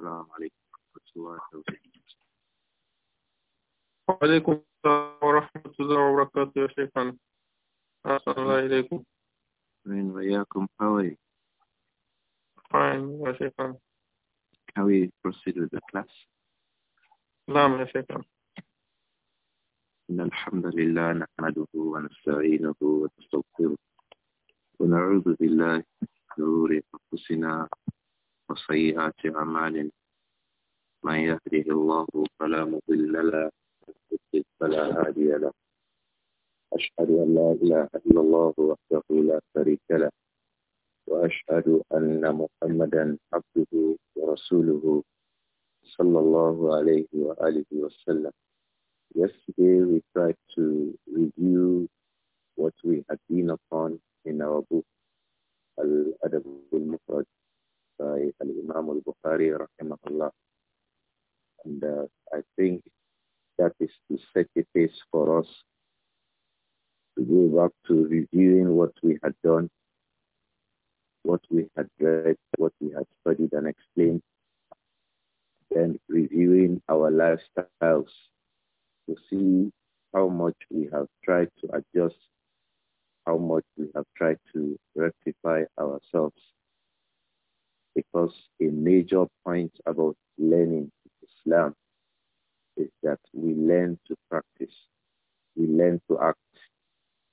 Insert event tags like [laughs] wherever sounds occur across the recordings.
السلام عليكم ورحمة الله وبركاته وعليكم السلام ورحمة الله وبركاته يا شيخنا السلام الله إليكم من وياكم حوي فاين يا شيخنا Can we proceed with the class? نعم يا شيخنا إن الحمد لله نحمده ونستعينه ونستغفره ونعوذ بالله من شرور أنفسنا وسيئات أعمالنا من يهده الله فلا مضل له فلا هادي له أشهد أن لا إله إلا الله وحده لا شريك له وأشهد أن محمدا عبده ورسوله صلى الله عليه وآله وسلم Yesterday we tried to review what we had been upon in our book Al-Adab al-Mufrad Sahih al-Imam al-Bukhari rahimahullah. And uh, I think that is the set the pace for us to go back to reviewing what we had done, what we had read, what we had studied and explained, then reviewing our lifestyles to see how much we have tried to adjust, how much we have tried to rectify ourselves because a major point about learning Islam is that we learn to practice, we learn to act,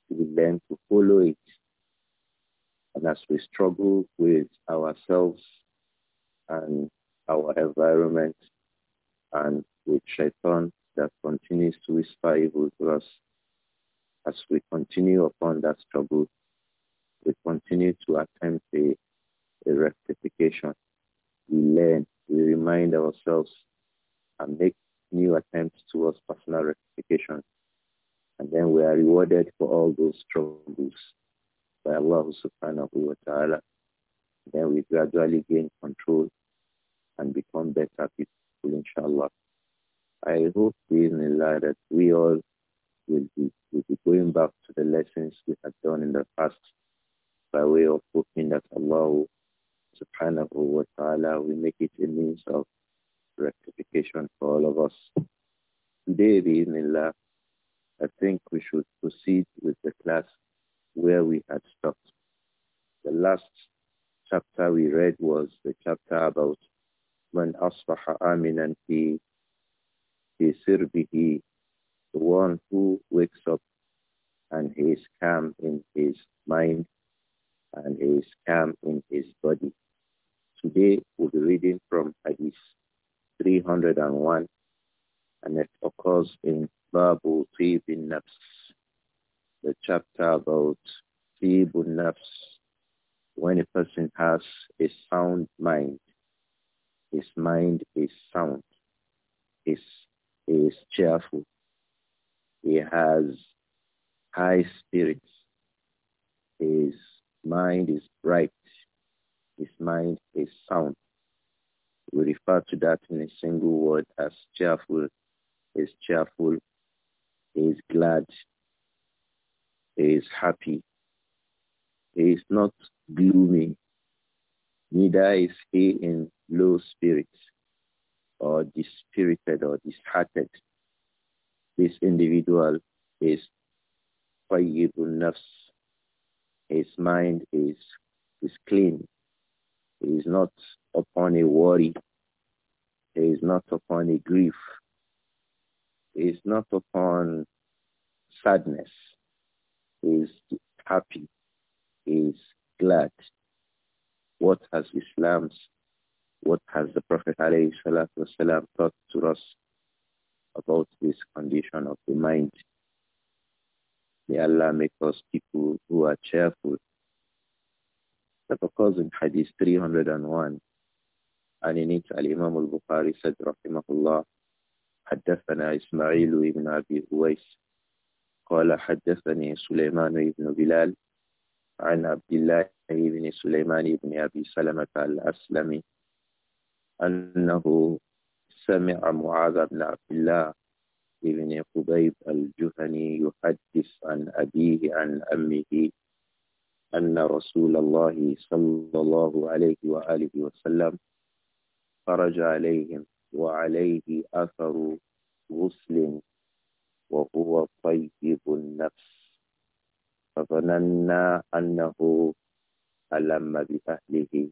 we learn to follow it. And as we struggle with ourselves and our environment and with shaitan that continues to whisper evil to us, as we continue upon that struggle, we continue to attempt a a rectification. We learn, we remind ourselves and make new attempts towards personal rectification. And then we are rewarded for all those struggles by Allah subhanahu wa ta'ala. Then we gradually gain control and become better people, inshallah. I hope, bismillah, that we all will be, will be going back to the lessons we have done in the past by way of hoping that Allah subhanahu wa ta'ala We make it a means of rectification for all of us. Today, bi'idhnillah, I think we should proceed with the class where we had stopped. The last chapter we read was the chapter about man أصبح aminan fi fi sirbihi, the one who wakes up and he is calm in his mind and he is calm in his body. Today we'll be reading from Hadith 301 and it occurs in Babu Tibin Nafs, the chapter about Tibun Nafs, when a person has a sound mind. His mind is sound, He is cheerful, he has high spirits, his mind is bright, his mind is sound. We refer to that in a single word as cheerful. Is cheerful. Is glad. Is happy. He is not gloomy. Neither is he in low spirits or dispirited or disheartened. This individual is tayyibun nafs. His mind is, is clean is not upon a worry. He is not upon a grief. He is not upon sadness. He is happy. He is glad. What has Islam's, what has the Prophet والسلام, taught to us about this condition of the mind? May Allah make us people who are cheerful That occurs in Hadith 301. And in it, Al-Imam al-Bukhari said, Rahimahullah, حدثنا إسماعيل بن أبي هويس قال حدثني سليمان بن بلال عن عبد الله بن سليمان بن أبي سلمة الأسلمي أنه سمع معاذ بن عبد الله بن قبيب الجهني يحدث عن أبيه عن أمه أن رسول الله صلى الله عليه وآله وسلم خرج عليهم وعليه أثر غسل وهو طيب النفس فظننا أنه ألم بأهله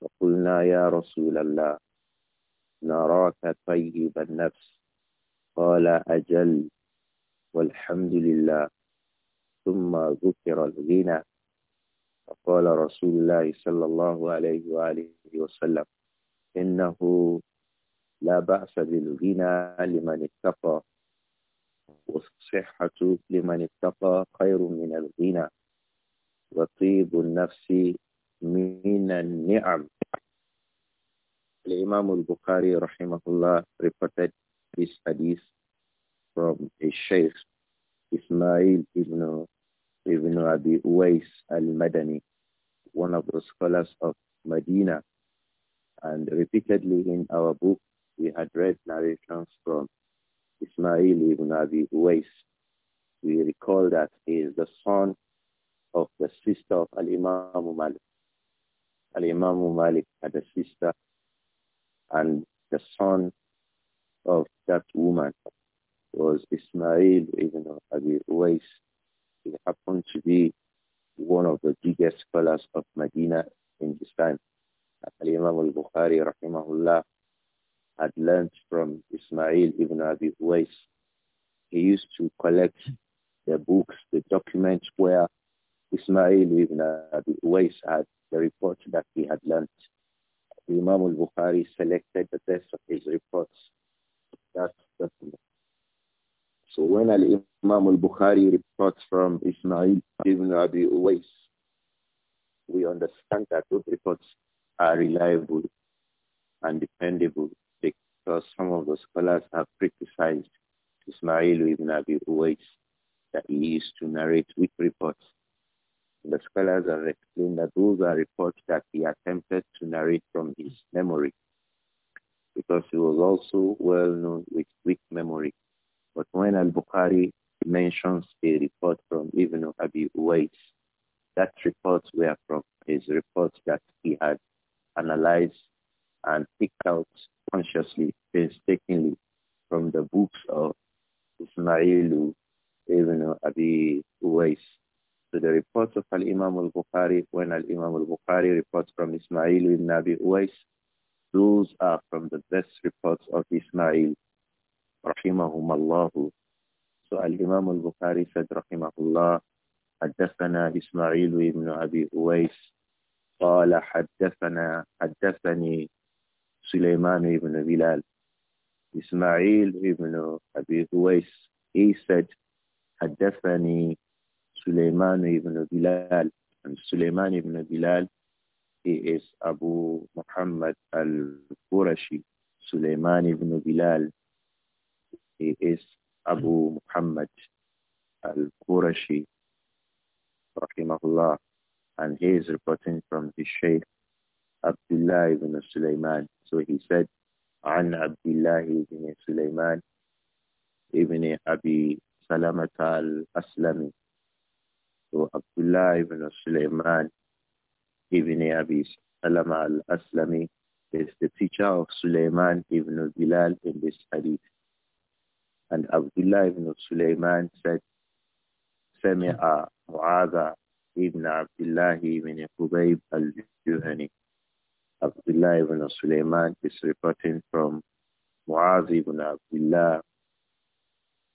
فقلنا يا رسول الله نراك طيب النفس قال أجل والحمد لله ثم ذكر الغنى فقال رسول الله صلى الله عليه وآله وسلم إنه لا بأس بالغنى لمن اتقى والصحة لمن اتقى خير من الغنى وطيب النفس من النعم الإمام البخاري رحمه الله reported this hadith from his sheikh Ismail ibn Ibn Abi Uwais al-Madani, one of the scholars of Medina. And repeatedly in our book, we had read narrations from Ismail ibn Abi Uwais. We recall that he is the son of the sister of Al-Imam Malik. Al-Imam Malik had a sister and the son of that woman was Ismail ibn Abi Uwais he happened to be one of the biggest scholars of Medina in his time. Al-Imam al-Bukhari, rahimahullah, had learned from Ismail ibn Abi Huwais. He used to collect the books, the documents where Ismail ibn Abi Huwais had the reports that he had learned. Imam al-Bukhari selected the best of his reports. That's So when Al-Imam al-Bukhari not from Ismail ibn Abi Uwais. We understand that those reports are reliable and dependable because some of the scholars have criticized Ismail ibn Abi Uwais that he used to narrate weak reports. The scholars have explained that those are reports that he attempted to narrate from his memory because he was also well known with weak memory. But when Al-Bukhari mentions a report from Ibn Abi Uwais. That report were from is report that he had analyzed and picked out consciously, painstakingly from the books of Ismail ibn Abi Uwais. So the reports of Al-Imam al-Bukhari, when Al-Imam al-Bukhari reports from Ismail ibn Abi Uwais, those are from the best reports of Ismail, rahimahum Allahu سؤال الإمام البخاري سد رحمه الله حدثنا إسماعيل بن أبي أويس قال حدثنا حدثني سليمان بن بلال إسماعيل بن أبي أويس he said حدثني سليمان بن بلال and سليمان بن بلال he is أبو محمد القرشي سليمان بن بلال he is Abu Muhammad al-Qurashi, rahimahullah, and he is reporting from his Shaykh Abdullah ibn Sulaiman. So he said, عن عبد الله بن سليمان ابن أبي سلمة الأسلمي so Abdullah ibn Sulaiman ibn Abi Salama al-Aslami is the teacher of Sulaiman ibn Bilal in this hadith. And Abdullah ibn Sulaiman said, سمع معاذ ابن عبد الله بن al-Juhani. Abdullah ibn Sulaiman is reporting from Muaz ibn Abdullah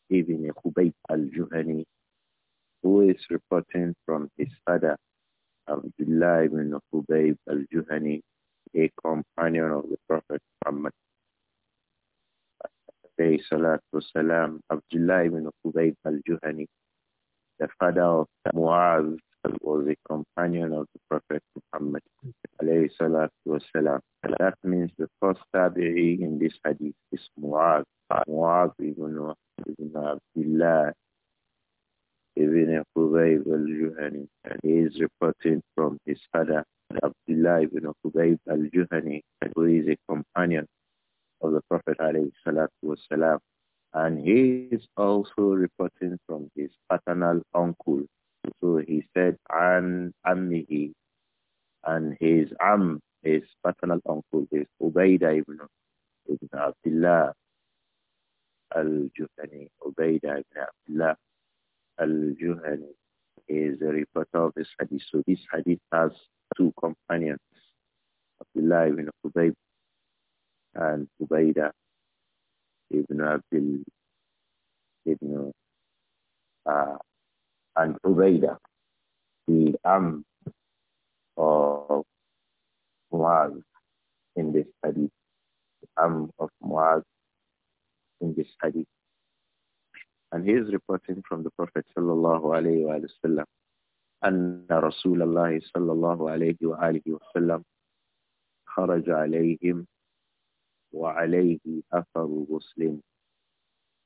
ibn Khubayb al-Juhani, who is reporting from his father, Abdullah ibn Khubayb al-Juhani, a companion of the Prophet Muhammad salat wa salam Abdullah ibn Qubayb al-Juhani, the father of Muaz, was a companion of the Prophet Muhammad alayhi salatu wasalam. That means the first tabi'i in this hadith is Muaz. Muaz ibn, ibn Abdullah ibn Qubayb al-Juhani. He is reporting from his father Abdullah ibn Qubayb al-Juhani, who is a companion of the Prophet والسلام, and he is also reporting from his paternal uncle. So he said an ammihi, and his am, his paternal uncle is Ubaidah ibn, ibn Abdullah al-Juhani. Ubaidah ibn Abdullah al-Juhani is a reporter of this hadith. So this hadith has two companions, Abdullah ibn Ubaid and Zubaydah ibn Abdul ibn uh, and Ubaidah, the Am of Muaz in this hadith, the Am of Muaz in this hadith. And he is reporting from the Prophet sallallahu alayhi wa sallam, أن رسول الله صلى الله عليه وآله وسلم خرج عليهم وعليه أثر غسلين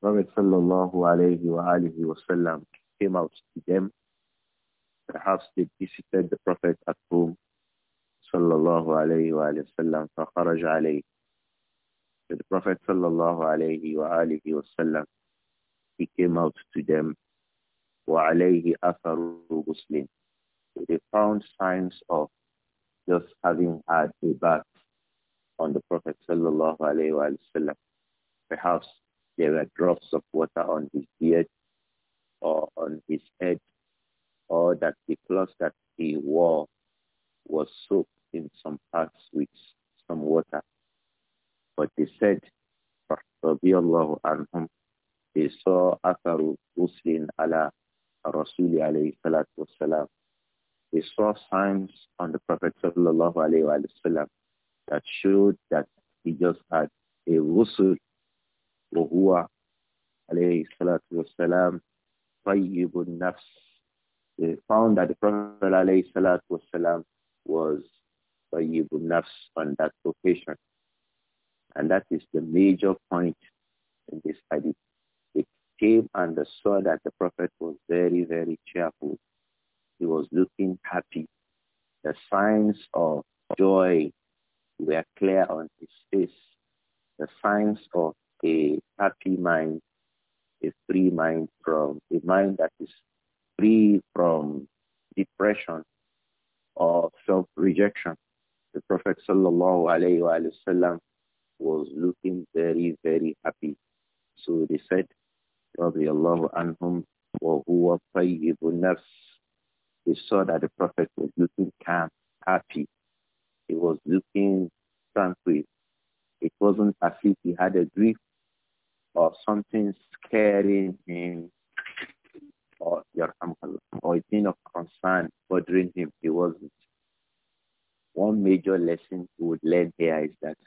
Prophet sallallahu alayhi wa alihi wasallam came out to them. Perhaps they visited the Prophet at home. Sallallahu alayhi wa sallam. فخرج عليه. The Prophet sallallahu alayhi wa alihi wasallam, he came out to them. وعليه أثر غسلين They found signs of just having had a bath on the Prophet sallallahu alaihi wasallam. Perhaps there were drops of water on his beard or on his head, or that the clothes that he wore was soaked in some parts with some water. But they said, radiallahu anhum, they saw Atharu Muslim ala Rasuli alayhi salatu wasalam. They saw signs on the Prophet sallallahu alayhi wa sallam that showed that he just had a rusul Ali عليه الصلاة والسلام Ibn النفس they found that the Prophet Ali الصلاة والسلام was Ibn nafs on that occasion and that is the major point in this hadith they came and saw that the Prophet was very very cheerful he was looking happy the signs of joy we are clear on his face. The signs of a happy mind, a free mind from a mind that is free from depression or self-rejection. The Prophet sallallahu alaihi wasallam was looking very, very happy. So they said, رضي anhum wa huwa طيب They saw that the Prophet was looking calm, happy. He was looking tranquil. It wasn't as if he had a grief or something scaring him or or a thing of concern bothering him. He wasn't. One major lesson we would learn here is that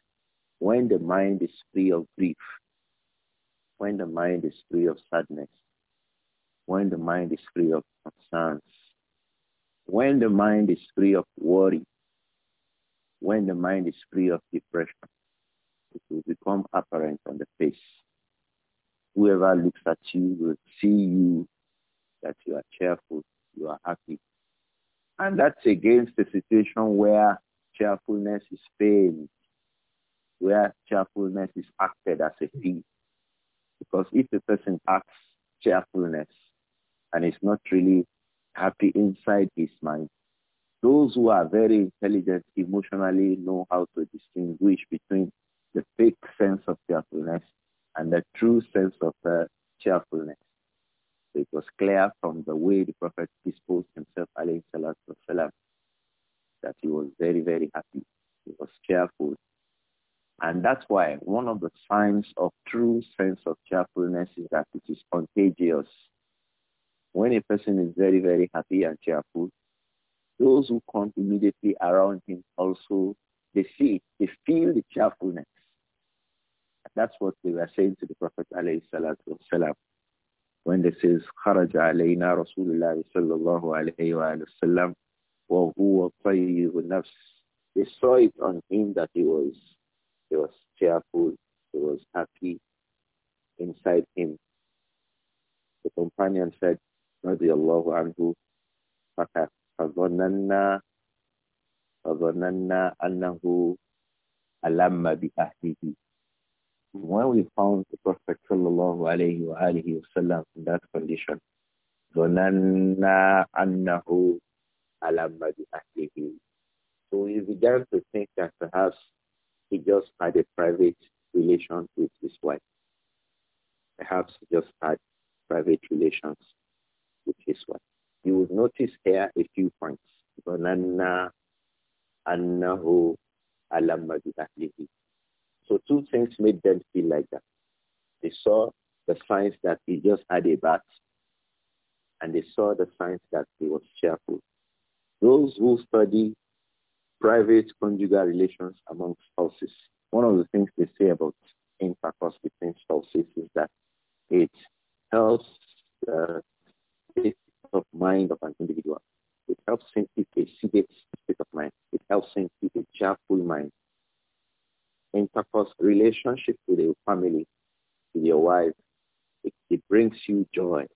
when the mind is free of grief, when the mind is free of sadness, when the mind is free of concerns, when the mind is free of worry, when the mind is free of depression, it will become apparent on the face. Whoever looks at you will see you that you are cheerful, you are happy. And that's against the situation where cheerfulness is paid, where cheerfulness is acted as a fee. Because if a person acts cheerfulness and is not really happy inside his mind, those who are very intelligent emotionally know how to distinguish between the fake sense of cheerfulness and the true sense of uh, cheerfulness. So it was clear from the way the Prophet disposed himself, alayhi that he was very, very happy. He was cheerful. And that's why one of the signs of true sense of cheerfulness is that it is contagious. When a person is very, very happy and cheerful, those who come immediately around him also, they see it. They feel the cheerfulness. That's what they were saying to the Prophet والسلام, when they says, خرج علينا رسول الله صلى الله عليه وسلم وهو طيب النفس. They saw it on him that he was, he was cheerful, he was happy inside him. The companion said, رضي الله عنه, فكت when we found the Prophet sallallahu alayhi wa alihi in that condition, So we began to think that perhaps he just had a private relation with his wife. Perhaps he just had private relations with his wife. You will notice here a few points. Banana So two things made them feel like that. They saw the signs that he just had a bath, and they saw the signs that he was cheerful. Those who study private conjugal relations among spouses, one of the things they say about intercourse between spouses is that it helps uh, of mind of an individual. It helps him keep a sedate state of mind. It helps him keep a cheerful mind. Intercourse, relationship with your family, with your wife, it, it brings you joy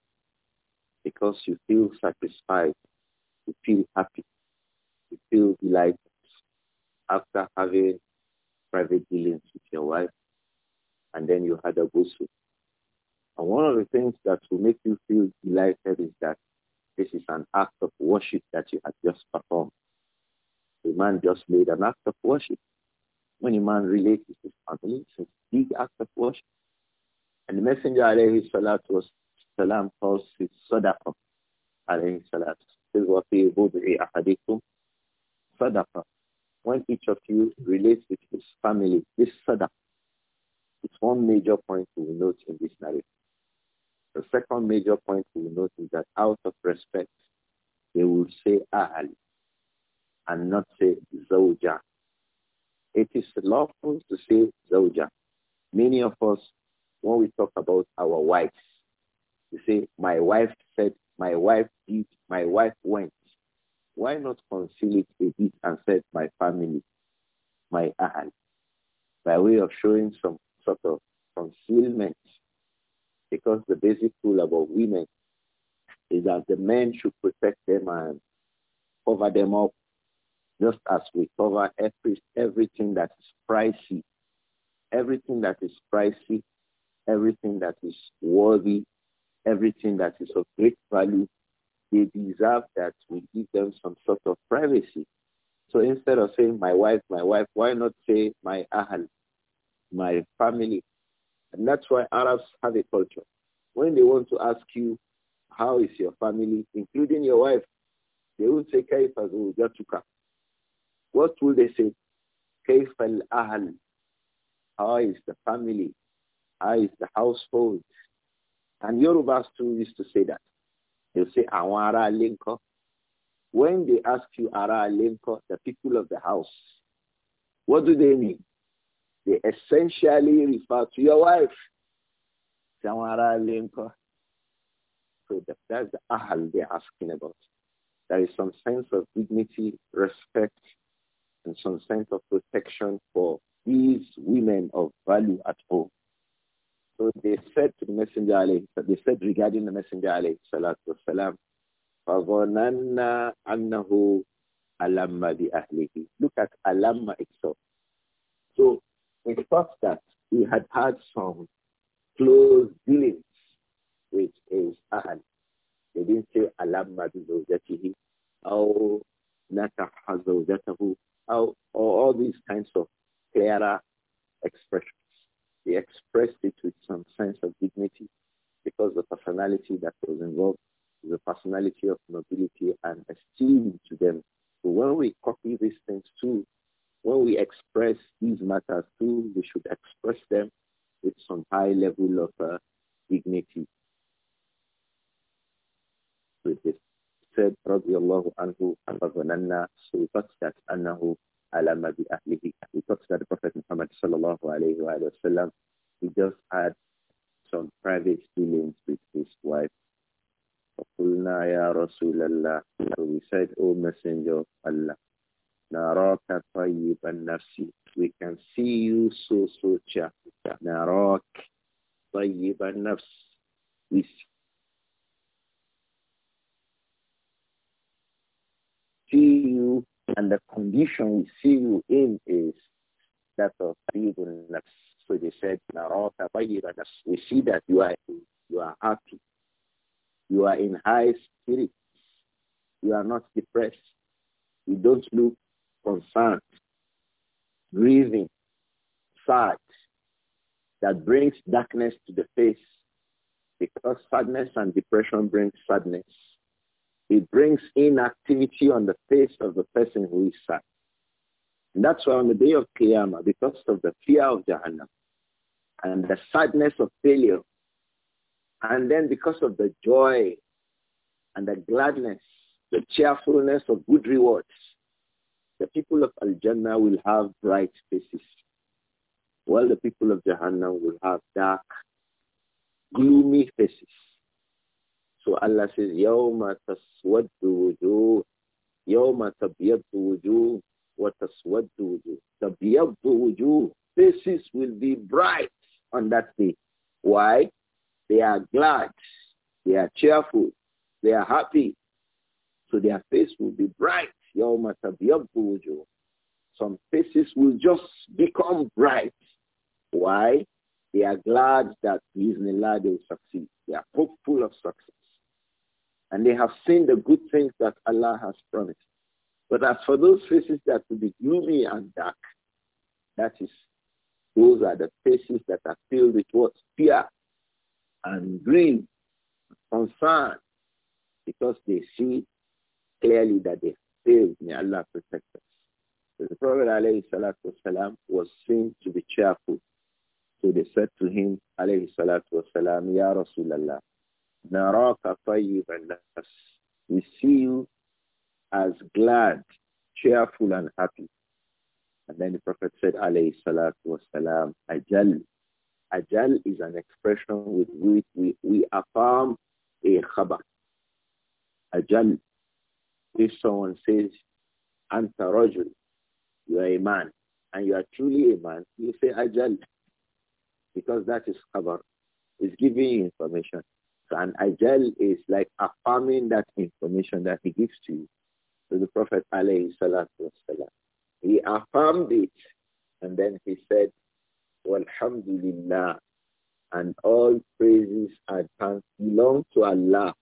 because you feel satisfied, you feel happy, you feel delighted after having private dealings with your wife and then you had a bosu. And one of the things that will make you feel delighted is that this is an act of worship that you have just performed. The man just made an act of worship. When a man relates with his family, it's a big act of worship. And the Messenger alayhi salatu salam, calls it sadaqah alayhi salatu. This was the bud'i ahadikum Sadaqa." When each of you relates with his family, this Sadaqa. It's one major point we note in this narrative. The second major point we note is that out of respect, they will say Ahl and not say Zawja. It is lawful to say Zawja. Many of us, when we talk about our wives, we say, my wife said, my wife did, my wife went. Why not conceal it a bit and say my family, my Ahl, by way of showing some sort of concealment because the basic rule about women is that the men should protect them and cover them up just as we cover every, everything that is pricey, everything that is pricey, everything that is worthy, everything that is of great value, they deserve that we give them some sort of privacy. So instead of saying my wife, my wife, why not say my ahal, my family, and that's why Arabs have a culture. When they want to ask you, how is your family, including your wife, they will say, كيف زوجتك? What will they say? كيف الأهل? How is the family? How is the household? And Yorubas too used to say that. They'll say, "Awara ará When they ask you ará ilé the people of the house, what do they mean? They essentially refer to your wife. Jawara Linka. So that, that's the ahal they're asking about. There is some sense of dignity, respect, and some sense of protection for these women of value at home. So they said to the Messenger, alayhi, they said regarding the Messenger, Ali, salatu wasalam, فَظَنَنَّا أَنَّهُ أَلَمَّ بِأَهْلِهِ Look at alamma itself. So we thought that we had had some close dealings with his ahl. They didn't say alamma bizawjatihi or nakaha zawjatahu or all these kinds of clearer expressions. They expressed it with some sense of dignity because the personality that was involved is a personality of nobility and esteem to them. So when we copy these things too, when we express these matters too, we should express them with some high level of uh, dignity. So this said, radiallahu anhu, فَظَنَنَّا سُوْفَتْتَتْ We that the Prophet Muhammad sallallahu alayhi wa sallam, he just had some private dealings with his wife. يَا رَسُولَ اللَّهِ we said, O Messenger of Allah, Naraka tayyiban nafsi. We can see you so, so cheerful. Narak tayyiban nafs. We see you and the condition we see you in is that of tayyibun nafs. So they said, Naraka tayyiban nafs. We see that you are, you are happy. You are in high spirits. You are not depressed. You don't look concern, grieving, sad, that brings darkness to the face because sadness and depression brings sadness. It brings inactivity on the face of the person who is sad. And that's why on the day of Qiyamah, because of the fear of Jahannam and the sadness of failure, and then because of the joy and the gladness, the cheerfulness of good rewards, the people of Al-Jannah will have bright faces, while the people of Jahannam will have dark, gloomy faces. So Allah says, يَوْمَ تَسْوَدُّ وُجُوهُ يَوْمَ تَبْيَضُّ وُجُوهُ وَتَسْوَدُّ وُجُوهُ تَبْيَضُّ وُجُوهُ Faces will be bright on that day. Why? They are glad. They are cheerful. They are happy. So their face will be bright. Some faces will just become bright. Why? They are glad that Bismillah they will succeed. They are hopeful of success. And they have seen the good things that Allah has promised. But as for those faces that will be gloomy and dark, that is, those are the faces that are filled with what? Fear and grief, concern, because they see clearly that they saved. May Allah protect us. So the Prophet والسلام, was seen to be cheerful. So they said to him, alayhi salatu wasalam, Ya Rasulallah, naraka tayyiban nas. We see you as glad, cheerful and happy. And then the Prophet said, alayhi salatu wasalam, ajal. Ajal is an expression with which we, we affirm a khabar. Ajal if someone says, Anta Rajul, you are a man, and you are truly a man, you say Ajal, because that is cover. It's giving you information. So an Ajal is like affirming that information that he gives to you. So the Prophet alayhi salatu wasalam, he affirmed it, and then he said, Walhamdulillah, and all praises and thanks belong to Allah.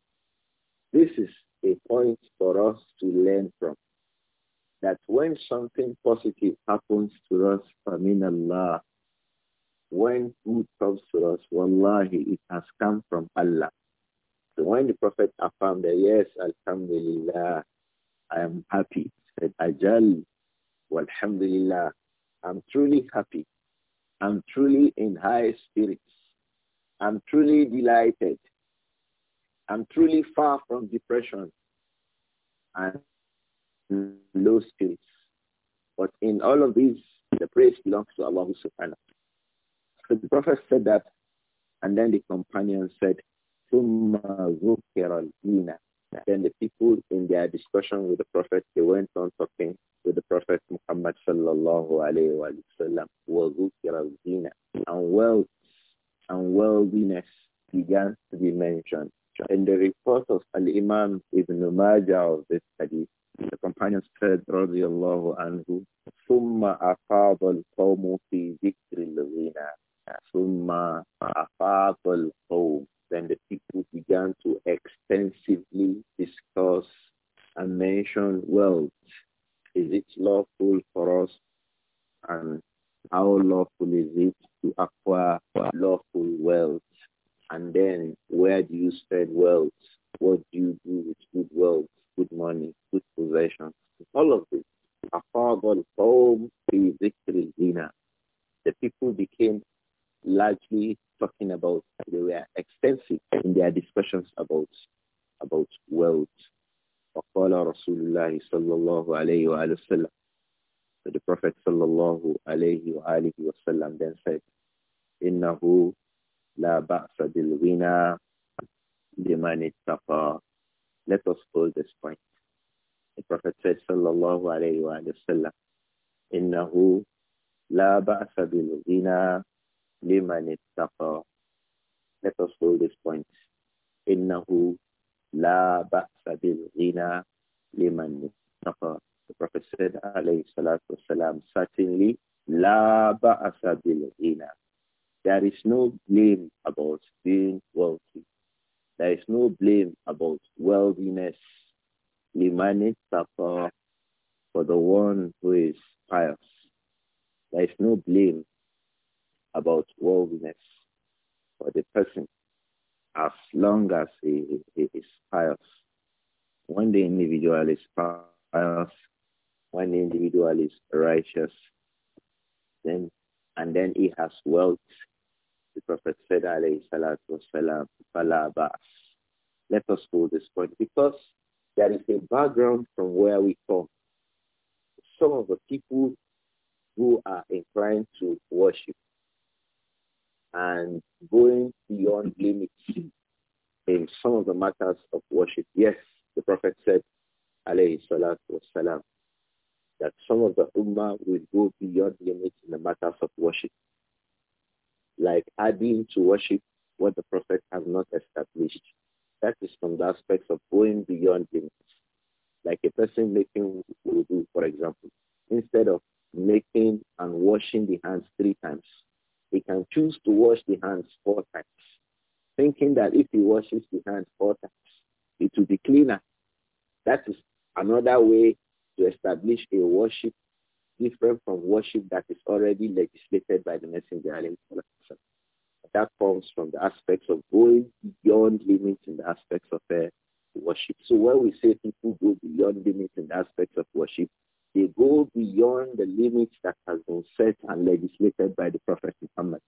This is a point for us to learn from. That when something positive happens to us, Amin Allah, when good comes to us, Wallahi, it has come from Allah. So when the Prophet affirmed that, yes, Alhamdulillah, I am happy, said, Ajal, Alhamdulillah, I'm truly happy. I'm truly in high spirits. I'm truly delighted. I'm truly far from depression and low spirits. But in all of these, the praise belongs to Allah subhanahu So the Prophet said that, and then the companion said, then the people in their discussion with the Prophet, they went on talking with the Prophet Muhammad sallallahu alayhi wa sallam, and wealth and worldliness began to be mentioned. In the report of Al-Imam Ibn Majah of this hadith, the companion said, radiallahu anhu, ثم أفاض القوم في ذكر الغنى Summa أفاض القوم Then the people began to extensively discuss and mention wealth. Is it lawful for us? And how lawful is it to acquire lawful wealth? And then where do you spend wealth? What do you do with good wealth, good money, good possessions? All of this. The people became largely talking about, they were extensive in their discussions about about wealth. وقال رسول الله صلى الله عليه وآله وسلم the Prophet صلى الله عليه وآله وسلم then said إنه لا بأس بالغنى لمن اتقى. Let us hold this point. The Prophet said, sallallahu alayhi wa sallam, La لا بأس بالغنى لمن Let us hold this point. إنه la بأس بالغنى لمن اتقى. The Prophet said, alayhi salatu wasalam, certainly, la بأس بالغنى. There is no blame about being wealthy. There is no blame about wealthiness. Liman for the one who is pious. There is no blame about worldliness for the person as long as he, he, he, is pious. When the individual is pious, when the individual is righteous, then and then he has wealth, the Prophet said, alayhi Let us go this point because there is a background from where we come. Some of the people who are inclined to worship and going beyond limits in some of the matters of worship. Yes, the Prophet said, alayhi salatu wasalam, that some of the Ummah will go beyond limits in the matters of worship like adding to worship what the Prophet has not established. That is from the aspects of going beyond limits. Like a person making wudu, for example, instead of making and washing the hands three times, he can choose to wash the hands four times, thinking that if he washes the hands four times, it will be cleaner. That is another way to establish a worship different from worship that is already legislated by the Messenger. That comes from the aspects of going beyond limits in the aspects of uh, worship. So when we say people go beyond limits in the aspects of worship, they go beyond the limits that has been set and legislated by the Prophet Muhammad.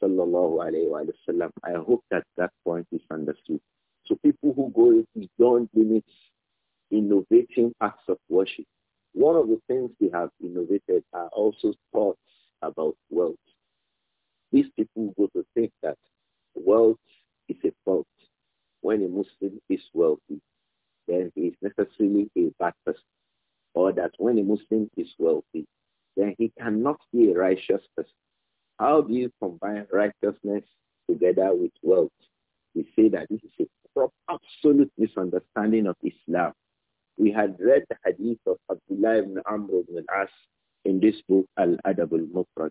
Sallallahu I hope that that point is understood. So people who go beyond limits, innovating acts of worship, one of the things we have innovated are also thoughts about wealth. These people go to think that wealth is a fault. When a Muslim is wealthy, then he is necessarily a bad person. Or that when a Muslim is wealthy, then he cannot be a righteous person. How do you combine righteousness together with wealth? We say that this is an absolute misunderstanding of Islam. We had read the hadith of Abdullah ibn Amr ibn al-As in this book, Al-Adab al-Mufrad,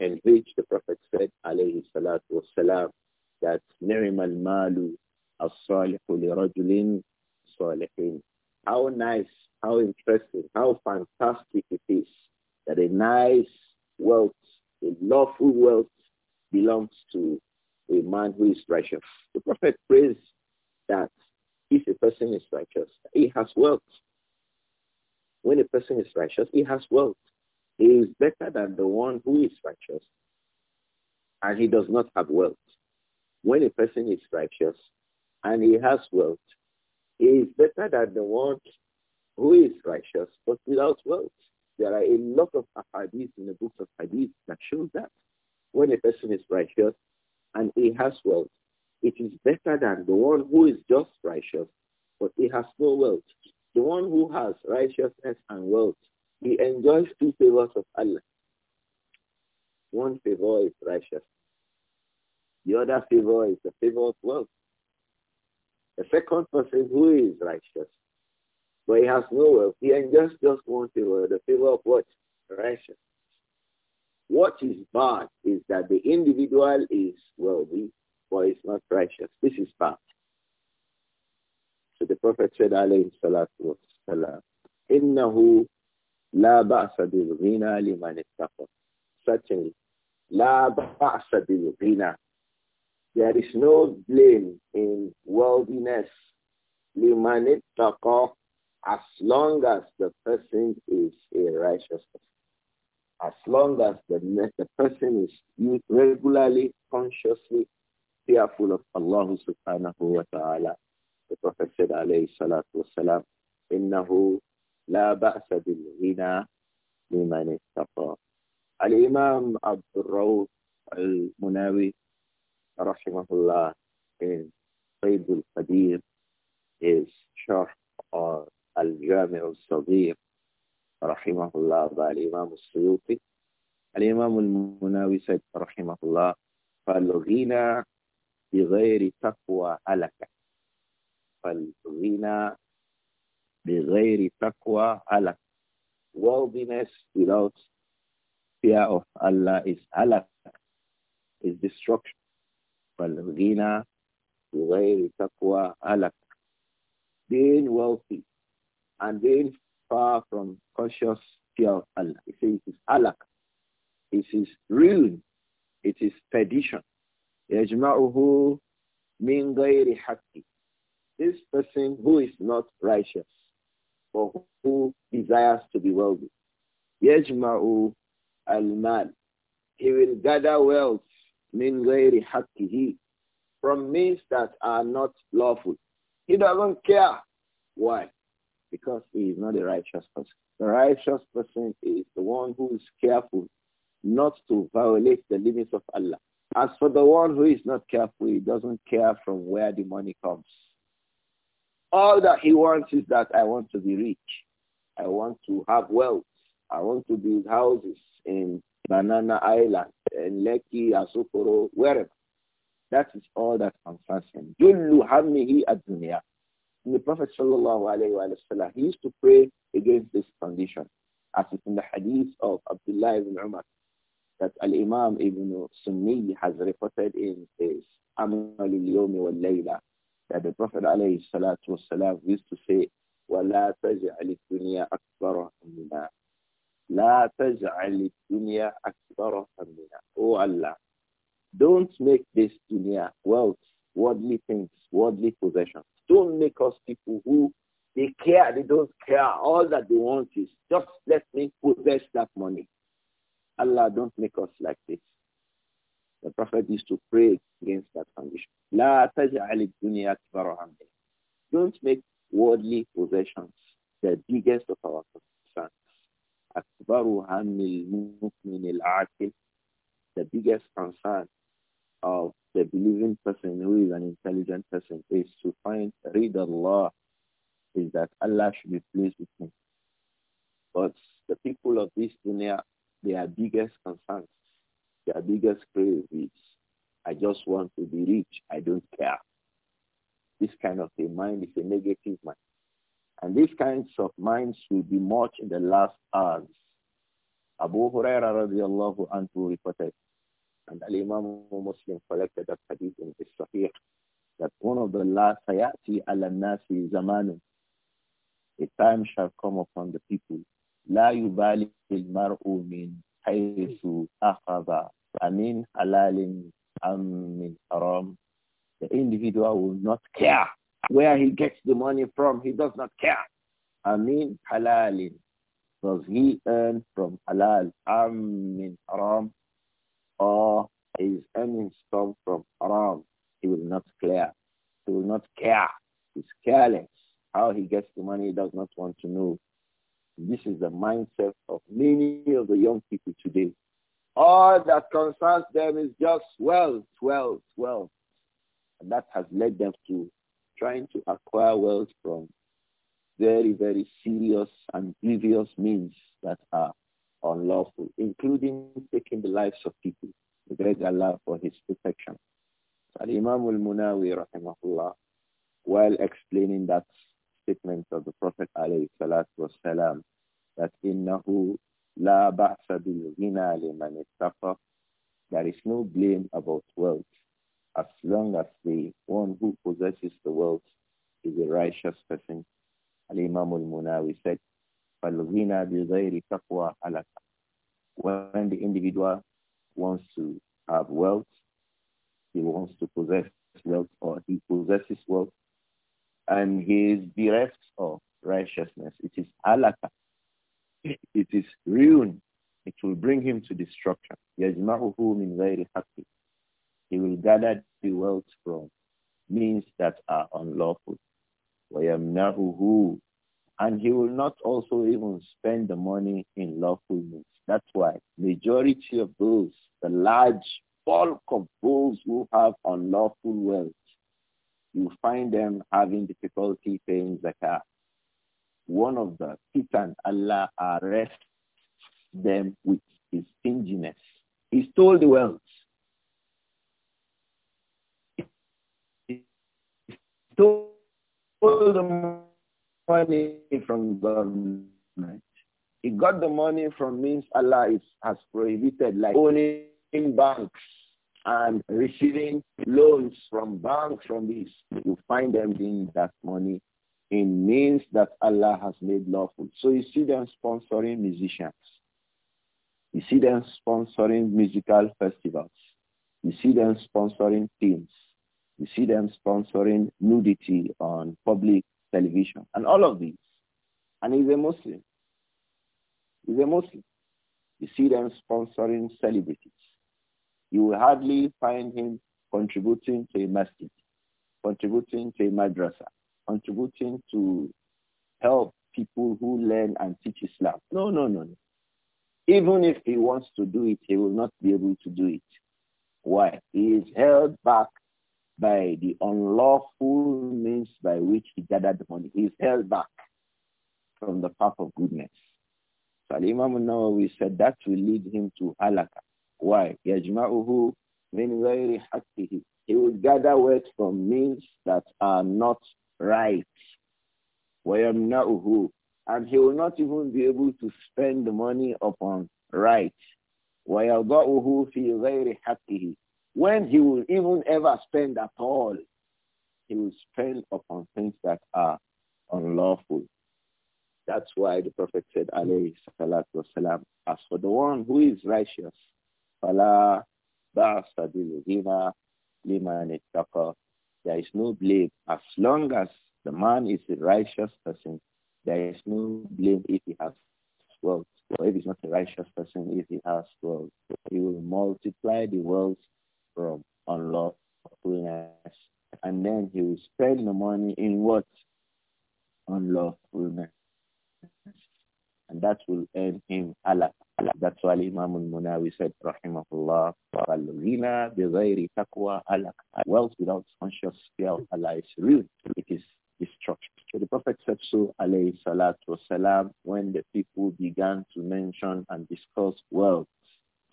in which the Prophet said, alayhi salatu wasalam, that نعم المال الصالح لرجل صالحين. How nice, how interesting, how fantastic it is that a nice wealth, a lawful wealth belongs to a man who is righteous. The Prophet prays that if a person is righteous, he has wealth. When a person is righteous, he has wealth. He is better than the one who is righteous and he does not have wealth. When a person is righteous and he has wealth, he is better than the one who is righteous but without wealth. There are a lot of hadiths in the books of hadith that show that. When a person is righteous and he has wealth, it is better than the one who is just righteous, but he has no wealth. The one who has righteousness and wealth, he enjoys two favors of Allah. One favor is righteousness. The other favor is the favor of wealth. The second person who is righteous, but he has no wealth, he enjoys just one favor, the favor of what? Righteousness. What is bad is that the individual is wealthy boy is not righteous. This is bad. So the Prophet said, alayhi salatu wasalam, إِنَّهُ لَا بَعْسَ بِالْغِنَى لِمَنِ اتَّقَى Certainly, لَا بَعْسَ There is no blame in worldliness لِمَنِ اتَّقَى as long as the person is a righteous person. As long as the, the person is regularly, consciously fearful of Allah subhanahu wa ta'ala. The Prophet said, alayhi salatu wasalam, la لا bil بَأْسَ liman لِمَنِ اتَّقَى Al-Imam Abdul Al-Munawi, rahimahullah, in Sayyid al Qadir, is Sharh or Al-Jami' al-Sadir, rahimahullah, by Al-Imam al-Suyuti. Al-Imam Al-Munawi said, rahimahullah, فالغنى بغير تقوى هلكت فالغنى بغير تقوى هلك Worldliness without fear of Allah is halak, is destruction. فالغنى بغير تقوى هلك Being wealthy and being far from conscious fear of Allah. it is halak. It is ruin. It is perdition. يَجْمَعُهُ مِنْ غَيْرِ حَقِّ This person who is not righteous or who desires to be wealthy. يَجْمَعُ الْمَالِ He will gather wealth مِنْ غَيْرِ حَقِّهِ from means that are not lawful. He doesn't care. Why? Because he is not a righteous person. The righteous person is the one who is careful not to violate the limits of Allah. As for the one who is not careful, he doesn't care from where the money comes. All that he wants is that I want to be rich. I want to have wealth. I want to build houses in Banana Island, in Leki, Asokoro, wherever. That is all that concerns him. Jullu Hamihi ad-dunya. The Prophet sallallahu alayhi wa sallam, he used to pray against this condition, as is in the hadith of Abdullah ibn Umar that Al-Imam Ibn Sunni has reported in his Amal al yomi wal-Layla that the Prophet alayhi salatu wasalam used to say, وَلَا تَجْعَلِ الدُّنْيا أَكْبَرَ هَمِّنَا لَا تَجْعَلِ الدُّنْيا أَكْبَرَ هَمِّنَا Oh Allah, don't make this dunya wealth, worldly things, worldly possessions. Don't make us people who they care, they don't care. All that they want is just let me possess that money. Allah, don't make us like this. The Prophet used to pray against that condition. La Don't make worldly possessions the biggest of our concerns. The biggest concern of the believing person who is an intelligent person is to find read Allah is that Allah should be pleased with him. But the people of this dunya their biggest concerns, their biggest prayer is, I just want to be rich. I don't care. This kind of a mind is a negative mind. And these kinds of minds will be much in the last hours. Abu Huraira radiallahu anhu reported, and Al-Imam Muslim collected that hadith in his Sahih, that one of the last sayati al nasi zamanu. a time shall come upon the people لا يبالي المرء من حيث أخذ فمن حلال أم من حرام The individual will not care where he gets the money from. He does not care. Amin halalin. Does he earn from halal? Am min haram. Or is earning stuff from haram? He will not care. He will not care. He's careless. How he gets the money, he does not want to know. This is the mindset of many of the young people today. All that concerns them is just wealth, wealth, wealth. And that has led them to trying to acquire wealth from very, very serious and grievous means that are unlawful, including taking the lives of people. We beg Allah for his protection. Al-Imam al-Munawi, rahimahullah, while explaining that statements of the Prophet alayhi salatu that innahu la ba'sa bil ghina liman There is no blame about wealth as long as the one who possesses the wealth is a righteous person. Al-Imam al-Munawi said, فَالْغِنَى بِغَيْرِ تَقْوَى عَلَكَ When the individual wants to have wealth, he wants to possess wealth or he possesses wealth and he is bereft of righteousness. It is alaka. It is ruin. It will bring him to destruction. يَجْمَعُهُ مِنْ very happy. He will gather the wealth from means that are unlawful. وَيَمْنَعُهُ And he will not also even spend the money in lawful means. That's why majority of those, the large bulk of those who have unlawful wealth, you find them having difficulty paying zakat. One of the Satan Allah arrests them with his stinginess. He stole the wealth. He stole the money from government. He got the money from means Allah is, has prohibited, like owning banks and receiving loans from banks from this, you find them doing that money in means that Allah has made lawful. So you see them sponsoring musicians. You see them sponsoring musical festivals. You see them sponsoring films. You see them sponsoring nudity on public television and all of these. And he's a Muslim. He's a Muslim. You see them sponsoring celebrities. You will hardly find him contributing to a masjid, contributing to a madrasa, contributing to help people who learn and teach Islam. No, no, no, no. Even if he wants to do it, he will not be able to do it. Why? He is held back by the unlawful means by which he gathered the money. He is held back from the path of goodness. So Imam Nawawi said that will lead him to halakha. Why? يَجْمَعُهُ مِنْ غَيْرِ حَقِّهِ He will gather wealth from means that are not right. وَيَمْنَعُهُ And he will not even be able to spend the money upon right. وَيَضَعُهُ فِي very happy When he will even ever spend at all, he will spend upon things that are unlawful. That's why the Prophet said, alayhi salatu wasalam, as for the one who is righteous, فَلَا بَعْصَ بِالْغِنَى لِمَنِ اتَّقَى There is no blame. As long as the man is a righteous person, there is no blame if he has wealth. Or if he's not a righteous person, if he has wealth, he will multiply the wealth from unlawfulness. And then he will spend the money in what? Unlawfulness. And that will earn him halakha. That's why Imam al-Munawi said, Rahimahullah, Wealth without conscious fear Allah is ruin. It is destruction. So the Prophet said so, alayhi salatu wasalam, when the people began to mention and discuss wealth,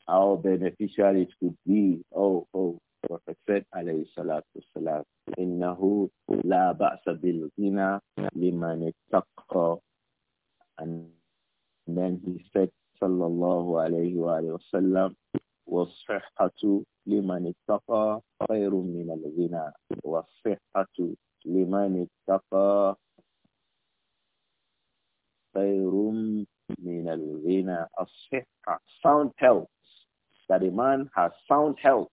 how beneficial it could be. Oh, oh, the Prophet said, alayhi salatu wasalam, إِنَّهُ لَا بَأْسَ بِالْغِنَى لِمَنِ And then he said, صلى الله عليه وآله وسلم والصحة لمن اتقى خير من الغنى والصحة لمن اتقى خير من الغنى الصحة sound health that a man has sound health